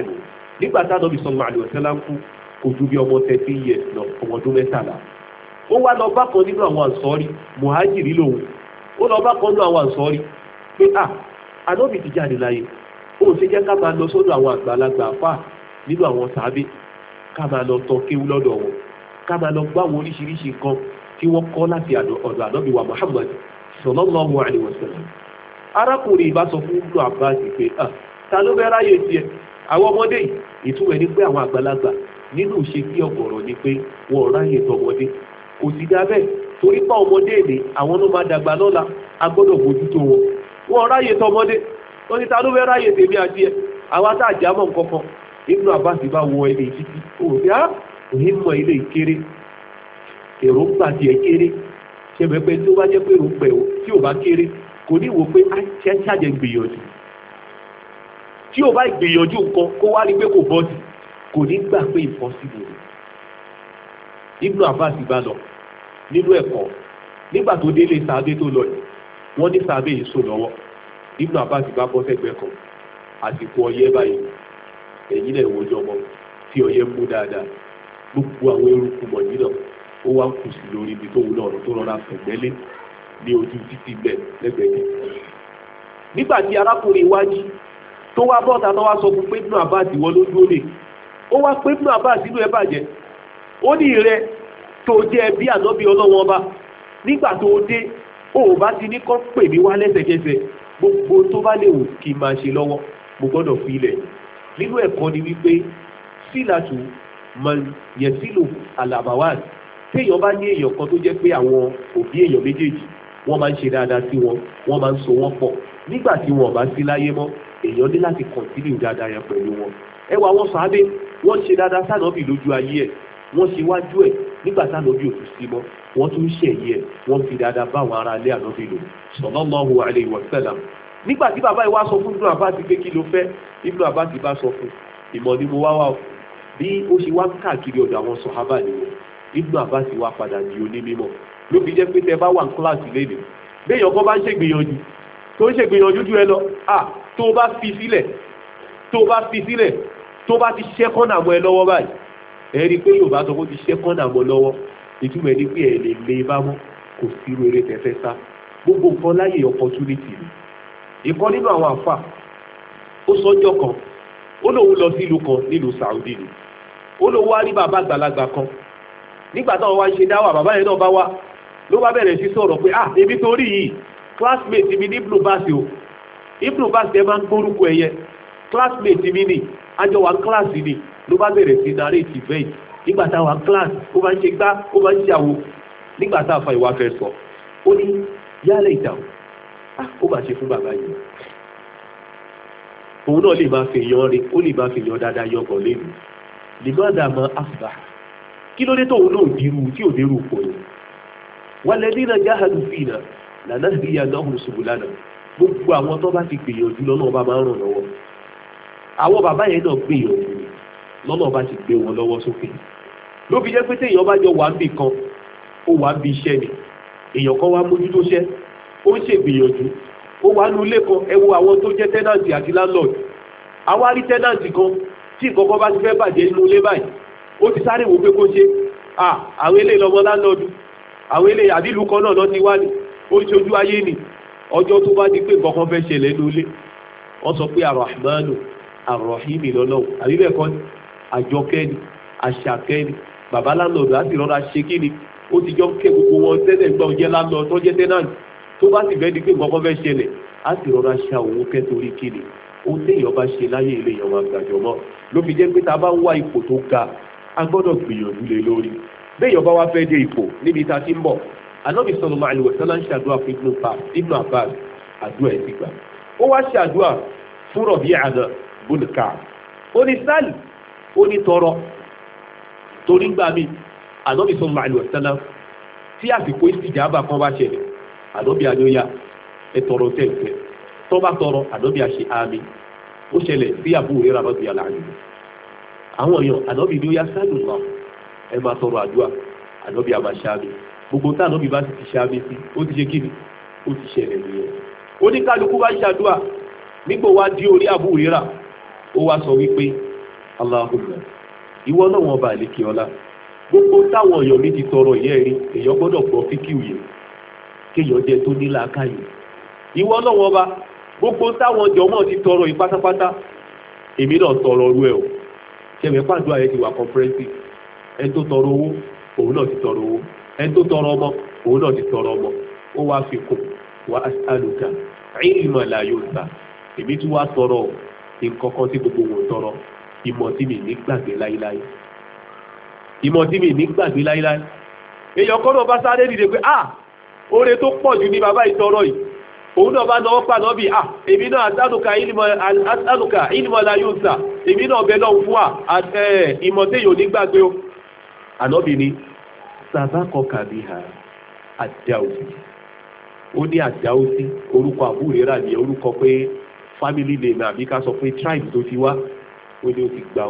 ìsìn nígbà tá ànábì sallallahu alaihi wasallam kú kò ju bí ọmọ thirty years lọ ọmọ ọdún mẹ́tàlá ó wá lọ bá kan nínú àwọn ànsọ́rí muhajiri lòun ó lọ bá kan nínú àwọn ànsọ́rí pé à ànábì ti jáde láyé ó ṣe jẹ́ ká máa lọ sọ́dọ̀ àwọn àgbàlagbà fà nínú àwọn sàábé ká máa lọ tọ́ kéwú lọ́dọ̀ wọn ká máa lọ gbá wọn oríṣiríṣi nǹkan tí wọ́n kọ́ láti ọ̀dọ̀ ànábì wa Muhammad sallallahu alaihi wasallam arákùnrin ìbá sọ fún Ibn Abbas pé à ta ló fẹ́ ráyè ìtumọ̀ ẹni pé àwọn àgbàlagbà nínú ṣe sí ọ̀gọ̀rọ̀ ni pé wọn ò ráyè tọmọdé kò sì dá bẹ́ẹ̀ torí pa ọmọdé èdè àwọn ló máa dàgbà lọ́la a gbọ́dọ̀ wọn wọn ráyè tọmọdé ta ló fẹ́ ẹ àwa tá a jà mọ́ nǹkan kan bá wọ títí á òní mọ ilé èròǹgbà kéré ṣẹ̀mẹ̀pẹ̀ tí ó bá jẹ́ pé tí ò bá kéré kò tí o bá ìgbìyànjú nǹkan kó wá rí pé kò bọ́ọ̀dì kò ní gbà pé impossible Ibn Abbas Ìbàdàn nínú ẹ̀kọ́ nígbà tó délé sàábé tó lọ yìí wọ́n ní sàábé yìí sò lọ́wọ́ Ibn Abbas bá bọ́ sẹ́gbẹ̀ẹ́ kan àsìkò ọyẹ́ báyìí ẹ̀yìn náà wọ́n jọmọ tí ọyẹ́ mú dáadáa gbogbo àwọn eruku mọ̀nyí náà ó wá kù sí lórí ibi tó wù náà tó rọra fẹ̀gbẹ́lé ní ojú títí bẹ́ẹ̀ lẹ́gbẹ̀ẹ́ nígbà tí arákùnrin wájú tó wá bọ́ta tó wá sọ fún pé Ibn Abbas wọ lójú omi ó wá pé Ibn Abbas inú ẹ bàjẹ́ ó ní ìrẹ tó jẹ́ ẹbí ànábì ọlọ́wọ́n ọba nígbà tó dé ó bá ti ní kọ́ pè mí wá lẹ́sẹ̀kẹsẹ̀ gbogbo tó bá lè wù kí n máa ṣe lọ́wọ́ mo gbọ́dọ̀ fi ilẹ̀ nínú ẹ̀kọ́ ni wípé sílàtù yẹ̀sílù alàbàwáàdì téèyàn bá ní èèyàn kan tó jẹ́ pé àwọn òbí èèyàn méjèèjì wọ́n máa ń ṣe dáadáa sí wọn wọ́n máa ń so wọ́n pọ̀ nígbà tí wọn bá sí láyé mọ́ èèyàn ní láti kọ̀ntínú dáadáa yẹn pẹ̀lú wọn ẹ wà wọn sàábé wọ́n ṣe dáadáa sànàbì lójú ayé ẹ̀ wọ́n ṣe wájú ẹ̀ nígbà sànàbì ò tún sí mọ́ wọ́n tún ṣẹ̀yẹ ẹ̀ wọ́n fi dáadáa bá àwọn ará ilé ànábì lò sallallahu alaihi wasallam nígbà tí bàbá yìí wá sọ fún ibùdó àbá ti pé kí ló fẹ́ ibùdó àbá ti bá sọ fún ìmọ̀ ni mo wá wá bí ó ṣe wá káàkiri ọ̀dọ̀ àwọn sọ̀hábà nìyẹn ibùdó àbá ti wá padà di onímọ̀ ló fi jẹ́ pé tẹ bá wà tó bá fi sílẹ̀ tó bá fi sílẹ̀ tó bá ti ṣẹ́ kọ́nà mọ́ ẹ lọ́wọ́ báyìí ẹ rí i pé yorùbá sọ pé ó ti ṣẹ́ kọ́nà mọ́ lọ́wọ́ ìtumọ̀ ẹni pé ẹ lè bá mọ́ kò sí rere tẹ̀fẹ́ sá gbogbo nǹkan láyè opportunity ni ìkan nínú àwọn àfà ó sọjọ́ kan ó lòun lọ sílùú kan nílùú Saudi ni ó lòun wá rí bàbá àgbàlagbà kan nígbà táwọn wá ń ṣe dáwà bàbá yẹn náà bá wá ló bá bẹ̀rẹ̀ sí sọ̀rọ̀ pé ah ebi torí yìí classmate mi ní blue bass o ibnu bas ẹ máa ń gbórúkọ ẹyẹ classmate mi ni àjọ wa kíláàsì ni ló bá bẹ̀rẹ̀ sí darí ìtìfẹ́ yìí nígbà táwa kíláàsì ó máa ń ṣe gbá ó máa ń ṣe àwo nígbà tá a fa ìwà fẹ́ sọ ó ní yálẹ̀ ìdààmú ó máa ṣe fún bàbá yìí òun náà lè máa fi yan rí ó lè máa fi yan dáadáa yan kan lẹ́nu lèmọ́dà mọ́ àfùbà kí ló dé tóun náà dirú tí ò dérú pọ̀ yẹn wàlẹ́ nínú jáhàdù fìlà lànà ìyá náà ń sùgbù lánàá gbogbo àwọn tó bá ti gbìyànjú lọ́nà ọba máa ń ràn lọ́wọ́ àwọn bàbá yẹn náà gbìyànjú lọ́nà ọba ti gbé wọn lọ́wọ́ sókè ló fi jẹ́ pé téèyàn bá jọ wà ń bì kan ó wà ń bi iṣẹ́ ni èèyàn kan wá mójútó iṣẹ́ ó ń ṣègbìyànjú ó wà nù ilé kan ẹ wo àwọn tó jẹ́ tẹ́nàǹtì àti landlord àwa rí tẹ́nàǹtì kan tí nǹkan bá ti fẹ́ bàjẹ́ nínú ilé báyìí ó ti sáré wò pé kó ṣe àwọn eléyìí lọ́mọ landlord àwọn eléyìí àbí ìlú kan náà lọ́ ti wá ní ó ń ṣojú ayé nìí ọjọ́ tó bá di pé nǹkan kan fẹ́ ṣẹlẹ̀ lólé wọ́n sọ pé arahmanu arahimi lọ́lọ́wọ́ àbíbẹ̀kọ́ ni àjọkẹ́ni àṣàkẹ́ni bàbá lánàá láti rọra ṣe kí ni ó ti jọ kẹ́ gbogbo wọn tẹ́lẹ̀ gbọ́n jẹ́ lánàá tó jẹ́ tẹ́nàní tó bá sì bẹ́ẹ̀ di pé nǹkan kan fẹ́ ṣẹlẹ̀ á sì rọra ṣe àwọn kẹ́ kí ni ó téèyàn bá ṣe láyé ilé èèyàn máa gbàjọ mọ́ ló fi jẹ́ pé ta bá ń wá ipò tó ga a gbọ́dọ̀ gbìyànjú lé lórí béèyàn bá wá fẹ́ dé ipò níbi ta ti ń bọ̀ anábì sallallahu alaihi wasallam ń ṣàdúrà fún ibnu pa ibnu abbas àdúrà ẹ̀ ti gbà ó wá ṣàdúrà fún rọ̀bì àná bùnìkà ó ní sáàlì ó ní tọrọ torí gbà mí anábì sallallahu alaihi wasallam tí àsìkò ìsìjàmbá kan bá ṣẹlẹ̀ anábì àyọ̀yà ẹ tọrọ tẹ̀sẹ̀ tọ́ba tọrọ anábì àṣẹ àmì ó ṣẹlẹ̀ sí àbúrò rẹ̀ rábàbí aláàánú àwọn èèyàn anábì ni ó yá sáàlì náà ẹ máa tọrọ àdúrà anábì àmàṣáàmì gbogbo táà náà bí bá ti ti ṣe abẹ́sí ó ti ṣe kíni ó ti ṣẹlẹ̀ nìyẹn ó ní kálukú bá ṣàdúà nígbò wá di orí Abu Hurairah ó wá sọ wípé Allahumma ìwọ náà wọn bá lékè ọlá gbogbo táwọn èèyàn mi ti tọrọ ìyẹn rí èèyàn gbọ́dọ̀ gbọ́ fíkìú yẹn kéèyàn jẹ tó nílà káyọ̀ ìwọ náà wọn bá gbogbo táwọn jọmọ ti tọrọ yìí pátápátá èmi náà tọrọ ọrú ẹ o ṣẹ̀mẹ̀pàdúrà yẹn ti wà kọ́ńfẹ́rẹ́nsì ẹ tó tọrọ owó òun náà ti tọrọ owó ẹni tó tọrọ ọmọ òun náà ti tọrọ ọmọ ó wá fi kù wá as'aluka ilma la yunsa èmi tí wàá tọrọ nǹkan kan tí gbogbo wọn tọrọ ìmọ̀ tí mi ní gbàgbé láíláí ìmọ̀ tí mi ní gbàgbé láíláí èèyàn kọ́ náà bá sáré dìde pé ah oore tó pọ̀ jù ní bàbá ìtọrọ yìí òun náà bá náwó pa náà bí ah èmi náà as'aluka ilma la yunsa èmi náà bẹ náà fún wa ah, ìmọ̀ téèyàn ní gbàgbé o ànábì ni sabakọka biha àdáòsì ó ní àdáòsì orúkọ àbúrérà ni orúkọ pé family name àbí ká sọ pé tribe tó ti wá ó ní ó ti gbà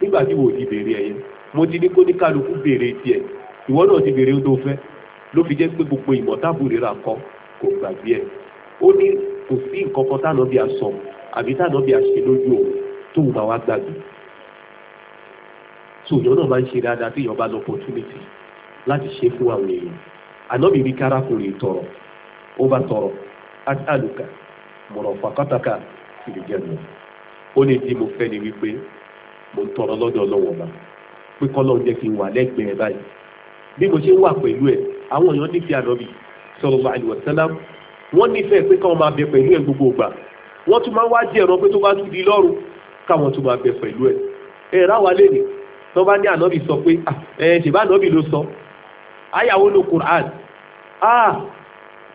nígbà tí wò ní bèrè ẹyẹ mo ti ní kó ní kálukú bèrè tiẹ̀ ìwọ náà ti bèrè tó ló fi pé gbogbo kọ kò ó ní kò sí a sọ àbí tánà bí a ṣe lójú so ìyọ́ náà máa ń ṣe dáadáa tí ìyọ́ bá lọ opportunity láti ṣe fún àwọn èèyàn ànábì ní kára kò lè tọrọ ó bá tọrọ àlùkà mọ̀rọ̀ fàkàtàkà ìrìjẹ̀nu ó lè di mo fẹ́ ni wípé mo tọrọ lọ́dọ̀ lọ́wọ́ ma pé kọ́lọ́ jẹ́ kí n wà lẹ́gbẹ̀ẹ́ báyìí bí mo ṣe wà pẹ̀lú ẹ̀ àwọn èèyàn nífẹ̀ẹ́ ànábì sallallahu alaihi wasallam wọ́n nífẹ̀ẹ́ pé káwọn máa bẹ pẹ̀lú ẹ̀ gbogbo ìgbà wọ́n tún máa wá jẹ́ ẹ̀rọ pé tó bá tún di lọ́rùn káwọn tún máa bẹ tó bá ní ànábì sọ pé ah, ẹ̀ ṣèbá ànábì ló sọ ayàwó ló Quran ah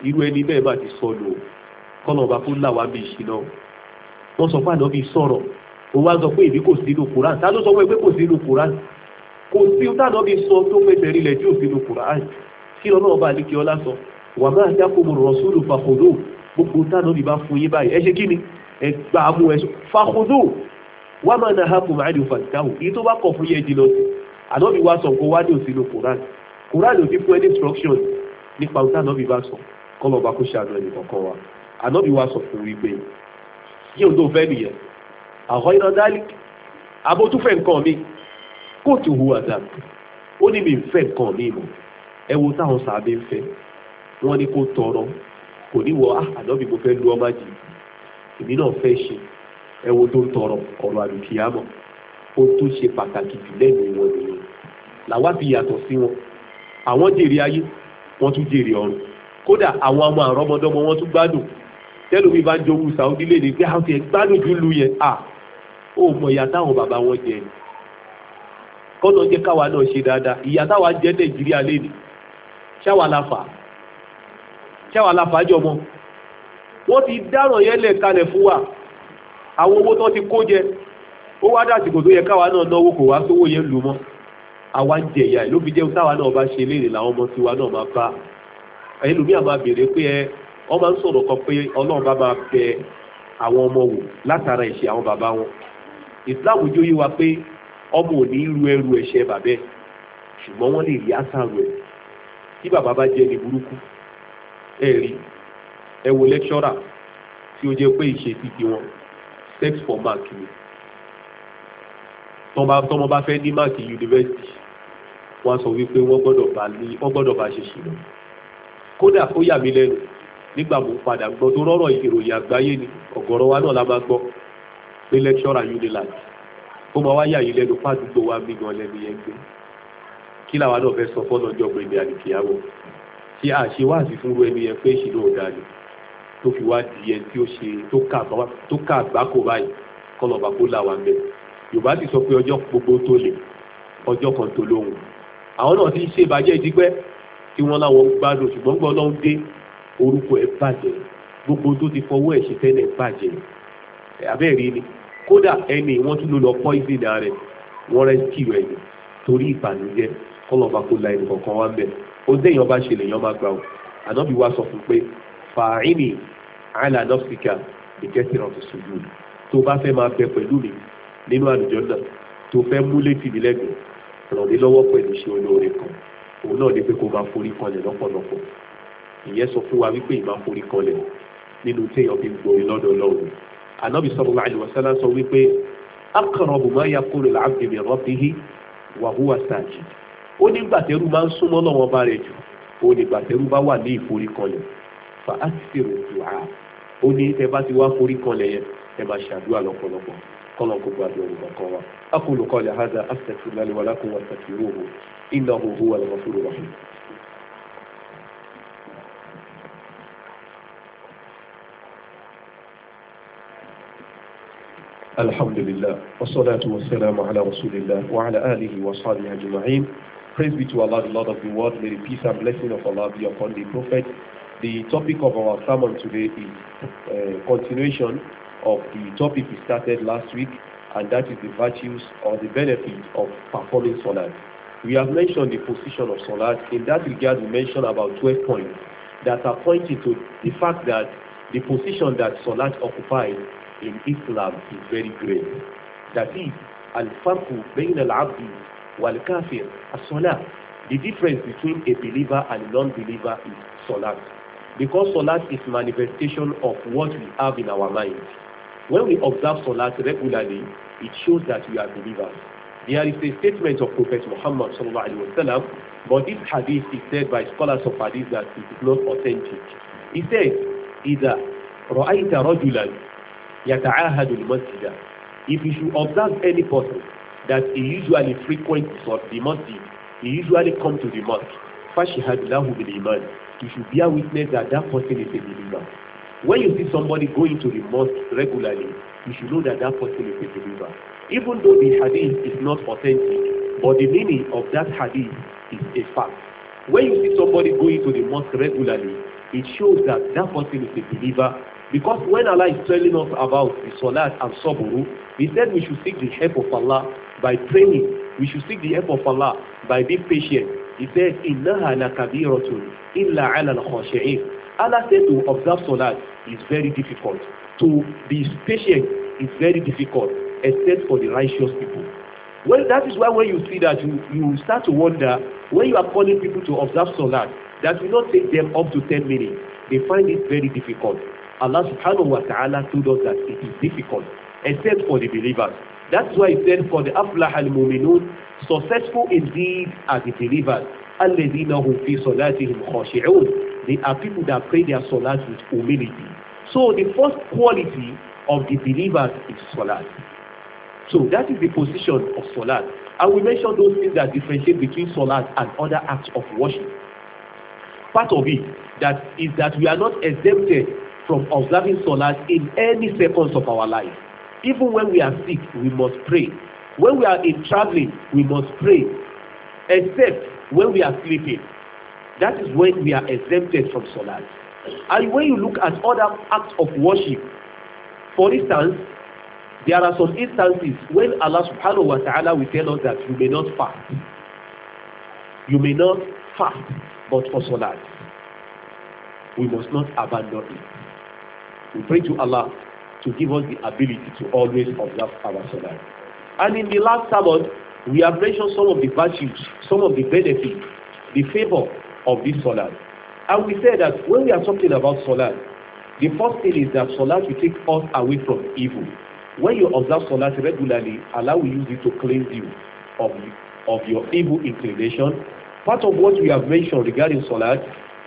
irú ẹni bẹ́ẹ̀ bá ti sọ lò kọ́nà ọba kó là wá bí ìṣìná wọ́n sọ pé ànábì sọ̀rọ̀ ó wá sọ pé èmi kò sínú Quran ta ló sọ pé kò sínú Quran kò sí tànábì sọ tó pẹ̀sẹ̀ rí lẹ́jọ́ sínú Quran kí lọ́nà ọba àdìkí ọlá sọ wà máa já kó mo rọ̀súlù fàkòdó gbogbo tànábì bá fún yín báyìí ẹ ṣe kí ni ẹ gbà á mú ẹ fàkòdó wá máa na hapun màálù fàtíkàwò èyí tó bá kọ̀ fún yẹn jìnnà sí ànábì wá sọ nǹkan wá ní òsínú koran koran ò ní fún ẹni instruction nípa ohun tí ànábì bá sọ kọ́ lọ́ba kó ṣàánú ẹnì kọ̀ọ̀kan wa ànábì wá sọ fún wípé yí òun tó fẹ́ nìyẹn àwọn iná dálí abótúfẹ́ nǹkan mi kóòtù hùwà dà ó ní mi ń fẹ́ nǹkan mi mọ̀ ẹ wo táwọn sàbẹ̀ ń fẹ́ wọ́n ní kó tọrọ kò ní wọ ah, ẹ wo tó ń tọrọ ọ̀rọ̀ àlùkìyàmọ̀ ó tó ṣe pàtàkì jù lẹ́nu wọn nìyẹn làwa fi yàtọ̀ sí wọn àwọn jèrè ayé wọ́n tún jèrè ọ̀run kódà àwọn ọmọ àrọ́mọdọ́mọ wọ́n tún gbádùn tẹ́lómi bá ń jowú sàúdí lè ní pé àwọn ti ẹ̀ gbádùn jù lu yẹn à ó mọ ìyá táwọn bàbá wọn jẹ ni kọ́nà jẹ́ káwa náà ṣe dáadáa ìyá táwa jẹ́ nàìjíríà lẹ́nu ṣáwa la ṣáwa la jọmọ wọ́n ti dáràn yẹn lẹ̀ kalẹ̀ fún wa àwọn owó tó ti kó jẹ ó wá dàsìkò tó yẹ káwa náà náwó kò wá sówó yẹn lù mọ́ àwa ń jẹ ìyá ẹ̀ ló fi jẹun táwa náà bá ṣe léèrè làwọn ọmọ tiwa náà máa bá ẹlòmíà máa béèrè pé ẹ wọ́n máa ń sọ̀rọ̀ kan pé ọlọ́run bá máa bẹ àwọn ọmọ wò látara ẹ̀ṣẹ̀ àwọn bàbá wọn ìsìláàmù jó yé wa pé ọmọ ò ní ru ẹrù ẹ̀ṣẹ̀ bàbẹ́ ṣùgbọ́n wọ́n lè rí àṣàrò ẹ̀ tí bàbá bá jẹ́ ní burúkú ẹ̀ rí lẹ́kṣọ́rà tí ó jẹ́ pé ìṣe ti ti wọn sex for mark ni tọ́mọ bá fẹ́ ní mark yunifásitì wọ́n sọ wípé wọ́n gbọ́dọ̀ bá ní wọ́n gbọ́dọ̀ bá ṣe ṣìnà kódà ó yà mí lẹ́nu nígbà mo padà gbọ́ tó rọ́rọ̀ ìròyìn àgbáyé ni ọ̀gọ̀rọ̀ wa náà la máa gbọ́ pé lẹ́kṣọ́rà unilag ó máa wá yà yí lẹ́nu fàdúgbò wa mí gan lẹ́nu yẹn gbé kí làwa náà fẹ́ sọ fọ́nà ọjọ́ pé ní àdìkìyàwó tí àṣewáàsí fúnru ẹni yẹn pé ṣìnà ò dáa ni tó fi wá di ẹni tí ó ṣe tó ká àgbákò báyìí kọlọ̀bà kó là wà ń bẹ̀. yorùbá ti sọ pé ọjọ́ gbogbo tó lè ọjọ́ kan tó lóhùn. àwọn náà ti ń ṣe ìbàjẹ́ ìdípẹ́ tí wọ́n láwọn gbádùn ṣùgbọ́n gbọ́ lọ́n dé orúkọ ẹ̀ bàjẹ́ gbogbo tó ti fọwọ́ ẹ̀ ṣe tẹ́lẹ̀ bàjẹ́ abẹ́ẹ̀rí ni kódà ẹni wọ́n tún ló lọ poison rẹ̀ wọ́n rescue ẹni torí ìbànújẹ́ kọlọ̀bà kó la ẹnì kọ̀ọ̀kan wá ń bẹ̀. ó dẹ́yìn ọba ṣe fàáìní alanọ́fíkà ìkẹsìrán ti ṣojú tó bá fẹ́ máa bẹ pẹ̀lú mi nínú àlùjọ náà tó fẹ́ mú létí mi lẹ́gbẹ̀ẹ́ ràn mí lọ́wọ́ pẹ̀lú iṣẹ́ olóore kan òun náà ni pé kó máa forí kanlẹ̀ lọ́pọ̀lọpọ̀ ìyẹn sọ fún wa wípé ìmá forí kanlẹ̀ nínú téèyàn fi gbòòrè lọ́dọ̀ lọ́wọ́ anábì sallallahu alaihi wasallam sọ wípé aqrabu ma yakunu al fa asiru du'a ó ní tẹ bá ti wá forí kanlẹ̀ yẹn ẹ máa ṣàdúrà lọ́pọ̀lọpọ̀ kọ́nà gbogbo àdúrà olùkọ́ kan wa aqulu qawli hadha astaghfiru li wa lakum wastaghfiruhu innahu huwal ghafurur rahim. الحمد لله والصلاة والسلام على رسول الله وعلى آله وصحبه أجمعين Praise be to Allah, the Lord of the world. May the peace and blessing of Allah be upon the Prophet The topic of our sermon today is a uh, continuation of the topic we started last week, and that is the virtues or the benefits of performing Salat. We have mentioned the position of Salat. In that regard, we mentioned about 12 points that are pointing to the fact that the position that Salat occupies in Islam is very great. That is, al-farqu bayna al-abdi wal-kafir, as-salat. The difference between a believer and non-believer is Salat. Because solat is manifestation of what we have in our mind. When we observe solat regularly, it shows that we are believers. There is a statement of Prophet Muhammad sallallahu alaihi wasallam, but this hadith is said by scholars of hadith that it is not authentic. He says, إذا رأيت رجلا يتعاهد المسجد If you should observe any person that he usually frequents the mosque, he usually come to the mosque, فاشهد له بالإيمان you should bear witness that that person is a believer. When you see somebody going to the mosque regularly, you should know that that person is a believer. Even though the hadith is not authentic, but the meaning of that hadith is a fact. When you see somebody going to the mosque regularly, it shows that that person is a believer because when Allah is telling us about the salat and saburu, he said we should seek the help of Allah by praying. We should seek the help of Allah by being patient said, إِنَّهَا لَكَبِيرَةٌ إِلَّا عَلَى الْخَاشِعِينَ Allah said to observe Salat is very difficult. To be patient is very difficult, except for the righteous people. Well, that is why when you see that, you, you start to wonder, when you are calling people to observe Salat, that will not take them up to ten minutes. They find it very difficult. Allah subhanahu wa ta'ala told us that it is difficult, except for the believers. That's why he said, for the aflah al-muminun, successful indeed are the believers alladhina hum fi salatihim khashi'un they are people that pray their salat with humility so the first quality of the believers is salat so that is the position of salat and we mention those things that differentiate between salat and other acts of worship part of it that is that we are not exempted from observing salat in any seconds of our life even when we are sick we must pray When we are in traveling, we must pray, except when we are sleeping. That is when we are exempted from salat. And when you look at other acts of worship, for instance, there are some instances when Allah subhanahu wa ta'ala will tell us that you may not fast. You may not fast, but for salat, we must not abandon it. We pray to Allah to give us the ability to always observe our salat. And in the last Sabbath, we have mentioned some of the virtues, some of the benefits, the favor of this Salat. And we said that when we are talking about Salat, the first thing is that Salat will take us away from evil. When you observe Salat regularly, Allah will use it to cleanse you of, of your evil inclination. Part of what we have mentioned regarding Salat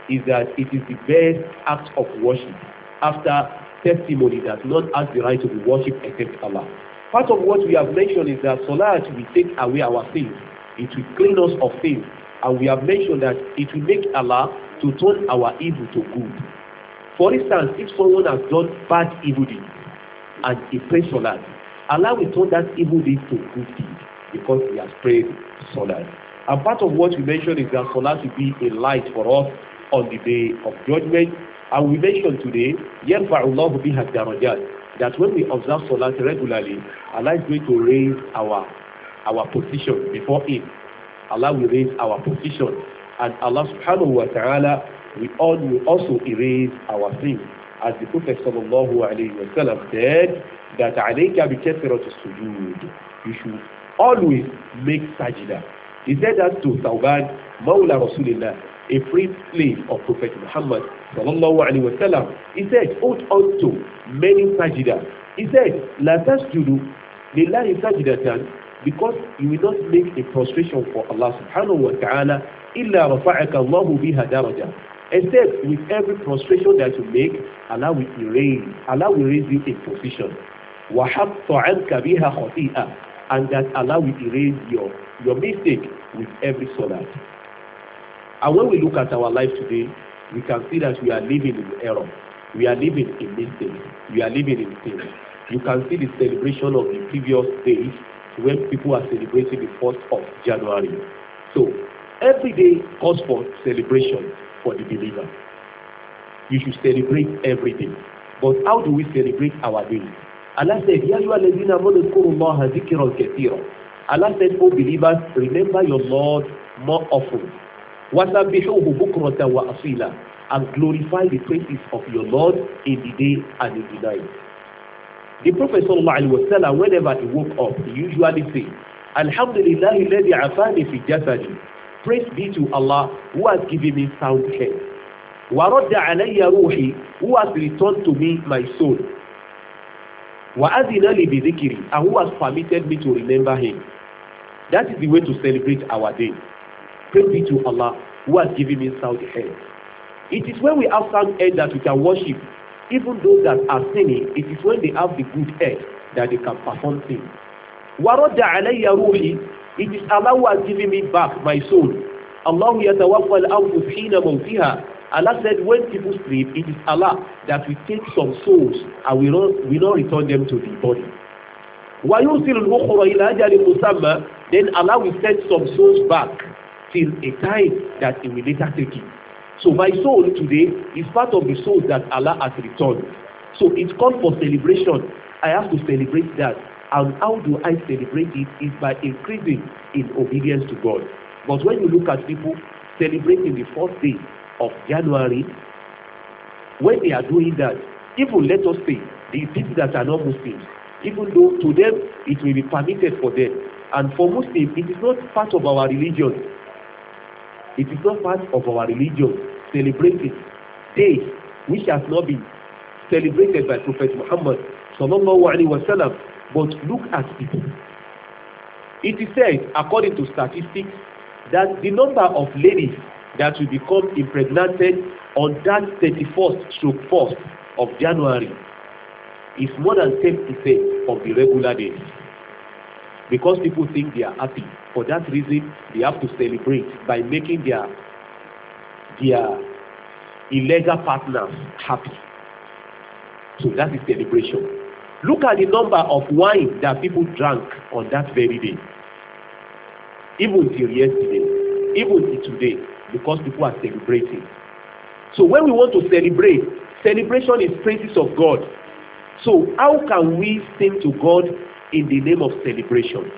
is that it is the best act of worship after testimony that not has the right to be worshipped except Allah. Part of what we have mentioned is that solat will take away our sins. It will clean us of sins. And we have mentioned that it will make Allah to turn our evil to good. For instance, if someone has done bad evil deeds and he prays solat, Allah will turn that evil deed to good deed because he has prayed solat. And part of what we mentioned is that solat will be a light for us on the day of judgment. And we mentioned today, يَرْفَعُ اللَّهُ بِهَا الدَّرَجَاتِ that when we observe Salat regularly, Allah is going to raise our, our position before Him. Allah will raise our position. And Allah subhanahu wa ta'ala we all will also erase our sins. As the Prophet sallallahu alayhi wa sallam said, that alayka bi kathirati sujood. You should always make sajda. He said that to Thawban, Mawla Rasulullah a free slave of Prophet Muhammad sallallahu alaihi wasallam, he said, "Hold unto many sajida." He said, "La tasjudu lillahi sajidatan," because you will not make a prostration for Allah subhanahu wa ta'ala illa rafa'aka Allahu biha daraja. Except with every prostration that you make, Allah will erase, Allah will raise you in position. Wa hatta بِهَا biha and that Allah will erase your your mistake with every salat. And when we look at our life today, we can see that we are living in error. We are living in mistakes. We are living in sin. You can see the celebration of the previous days when people are celebrating the 1st of January. So, every day calls for celebration for the believer. You should celebrate every day. But how do we celebrate our day? Allah said, Ya ayyuha alladhina amanu dhkurullaha dhikran kathira. Allah said, O believers, remember your Lord more often wasabihuhu bukratan wa asila and glorify the praises of your Lord in the day and in the night. The Prophet sallallahu alaihi wasallam whenever he woke up he usually say alhamdulillah alladhi afani fi jasadi praise be to Allah who has given me sound health. ورد علي روحي who has returned to me my soul وأذن لي بذكري and who has permitted me to remember him that is the way to celebrate our day Praise be to Allah who has given me sound head. It is when we have sound head that we can worship. Even those that are sinning, it is when they have the good head that they can perform things. وَرَدَّ عَلَيَّ رُوحِي It is Allah who has given me back my soul. Allah يَتَوَفَّى الْأَنْفُسَ حِينَ مَوْتِهَا Allah said when people sleep, it is Allah that we take some souls and we not, we not return them to the body. وَيُرْسِلُ الْأُخْرَى إِلَى أَجَلٍ مُّسَمًّى Then Allah will send some souls back till a time that he will later take it. So my soul today is part of the soul that Allah has returned. So it's called for celebration. I have to celebrate that. And how do I celebrate it is by increasing in obedience to God. But when you look at people celebrating the fourth day of January, when they are doing that, even let us say the people that are not Muslims, even though to them it will be permitted for them. And for Muslims, it is not part of our religion It is not part of our religion celebrating days which has not been celebrated by Prophet Muhammad sallallahu alaihi wasallam but look at it. It is said according to statistics that the number of ladies that will become impregnated on that 31st to 1st of January is more than 10% of the regular days. Because people think they are happy. For that reason, they have to celebrate by making their their illegal partners happy. So that is celebration. Look at the number of wine that people drank on that very day. Even till yesterday, even till today, because people are celebrating. So when we want to celebrate, celebration is praises of God. So how can we sing to God in the name of celebration.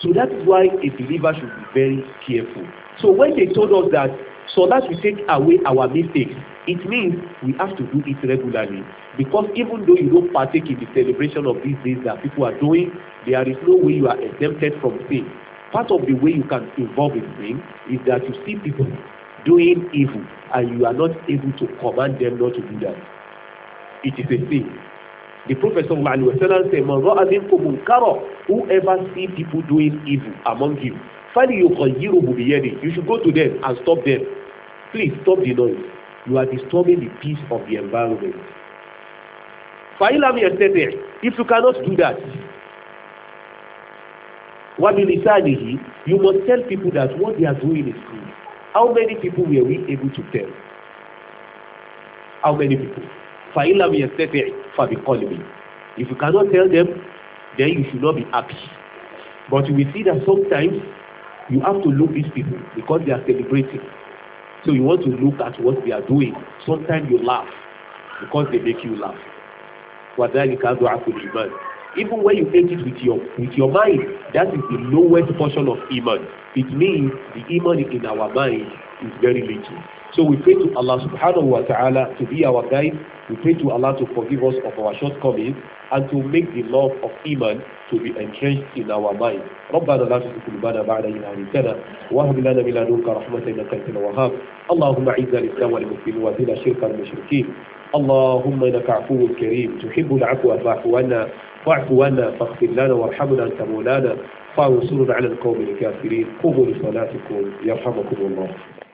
So that is why a believer should be very careful. So when they told us that so that we take away our mistakes, it means we have to do it regularly. Because even though you don't partake in the celebration of these days that people are doing, there is no way you are exempted from sin. Part of the way you can involve in sin is that you see people doing evil and you are not able to command them not to do that. It is a sin The Prophet said, Man ra'a minkum munkara, whoever see people doing evil among you, falyughayyirhu biyadihi. You should go to them and stop them. Please stop the noise. You are disturbing the peace of the environment. Fa'ilam yastati', if you cannot do that, wabilisanihi, you must tell people that what they are doing is good. How many people were we able to tell? How many people? Fa'ilam yastati'. For the fabiqalbi. If you cannot tell them, then you should not be happy. But you will see that sometimes you have to look these people because they are celebrating. So you want to look at what they are doing. Sometimes you laugh because they make you laugh. But then you do وَذَلِكَ ضَعْفُ iman. Even when you take it with your with your mind, that is the lowest portion of iman. It means the iman in our mind is very little. So we pray to Allah subhanahu wa ta'ala to be our guide. We pray to Allah to forgive us of our shortcomings and to make the love of Iman to be entrenched in our mind. ربنا لا تزغ قلوبنا بعد إذ هديتنا وهب لنا من لدنك رحمة إنك أنت الوهاب اللهم أعز الإسلام والمسلمين وأذل الشرك والمشركين اللهم إنك عفو كريم تحب العفو فاعف عنا واعف عنا فاغفر لنا وارحمنا أنت مولانا فانصرنا على القوم الكافرين قوموا لصلاتكم يرحمكم الله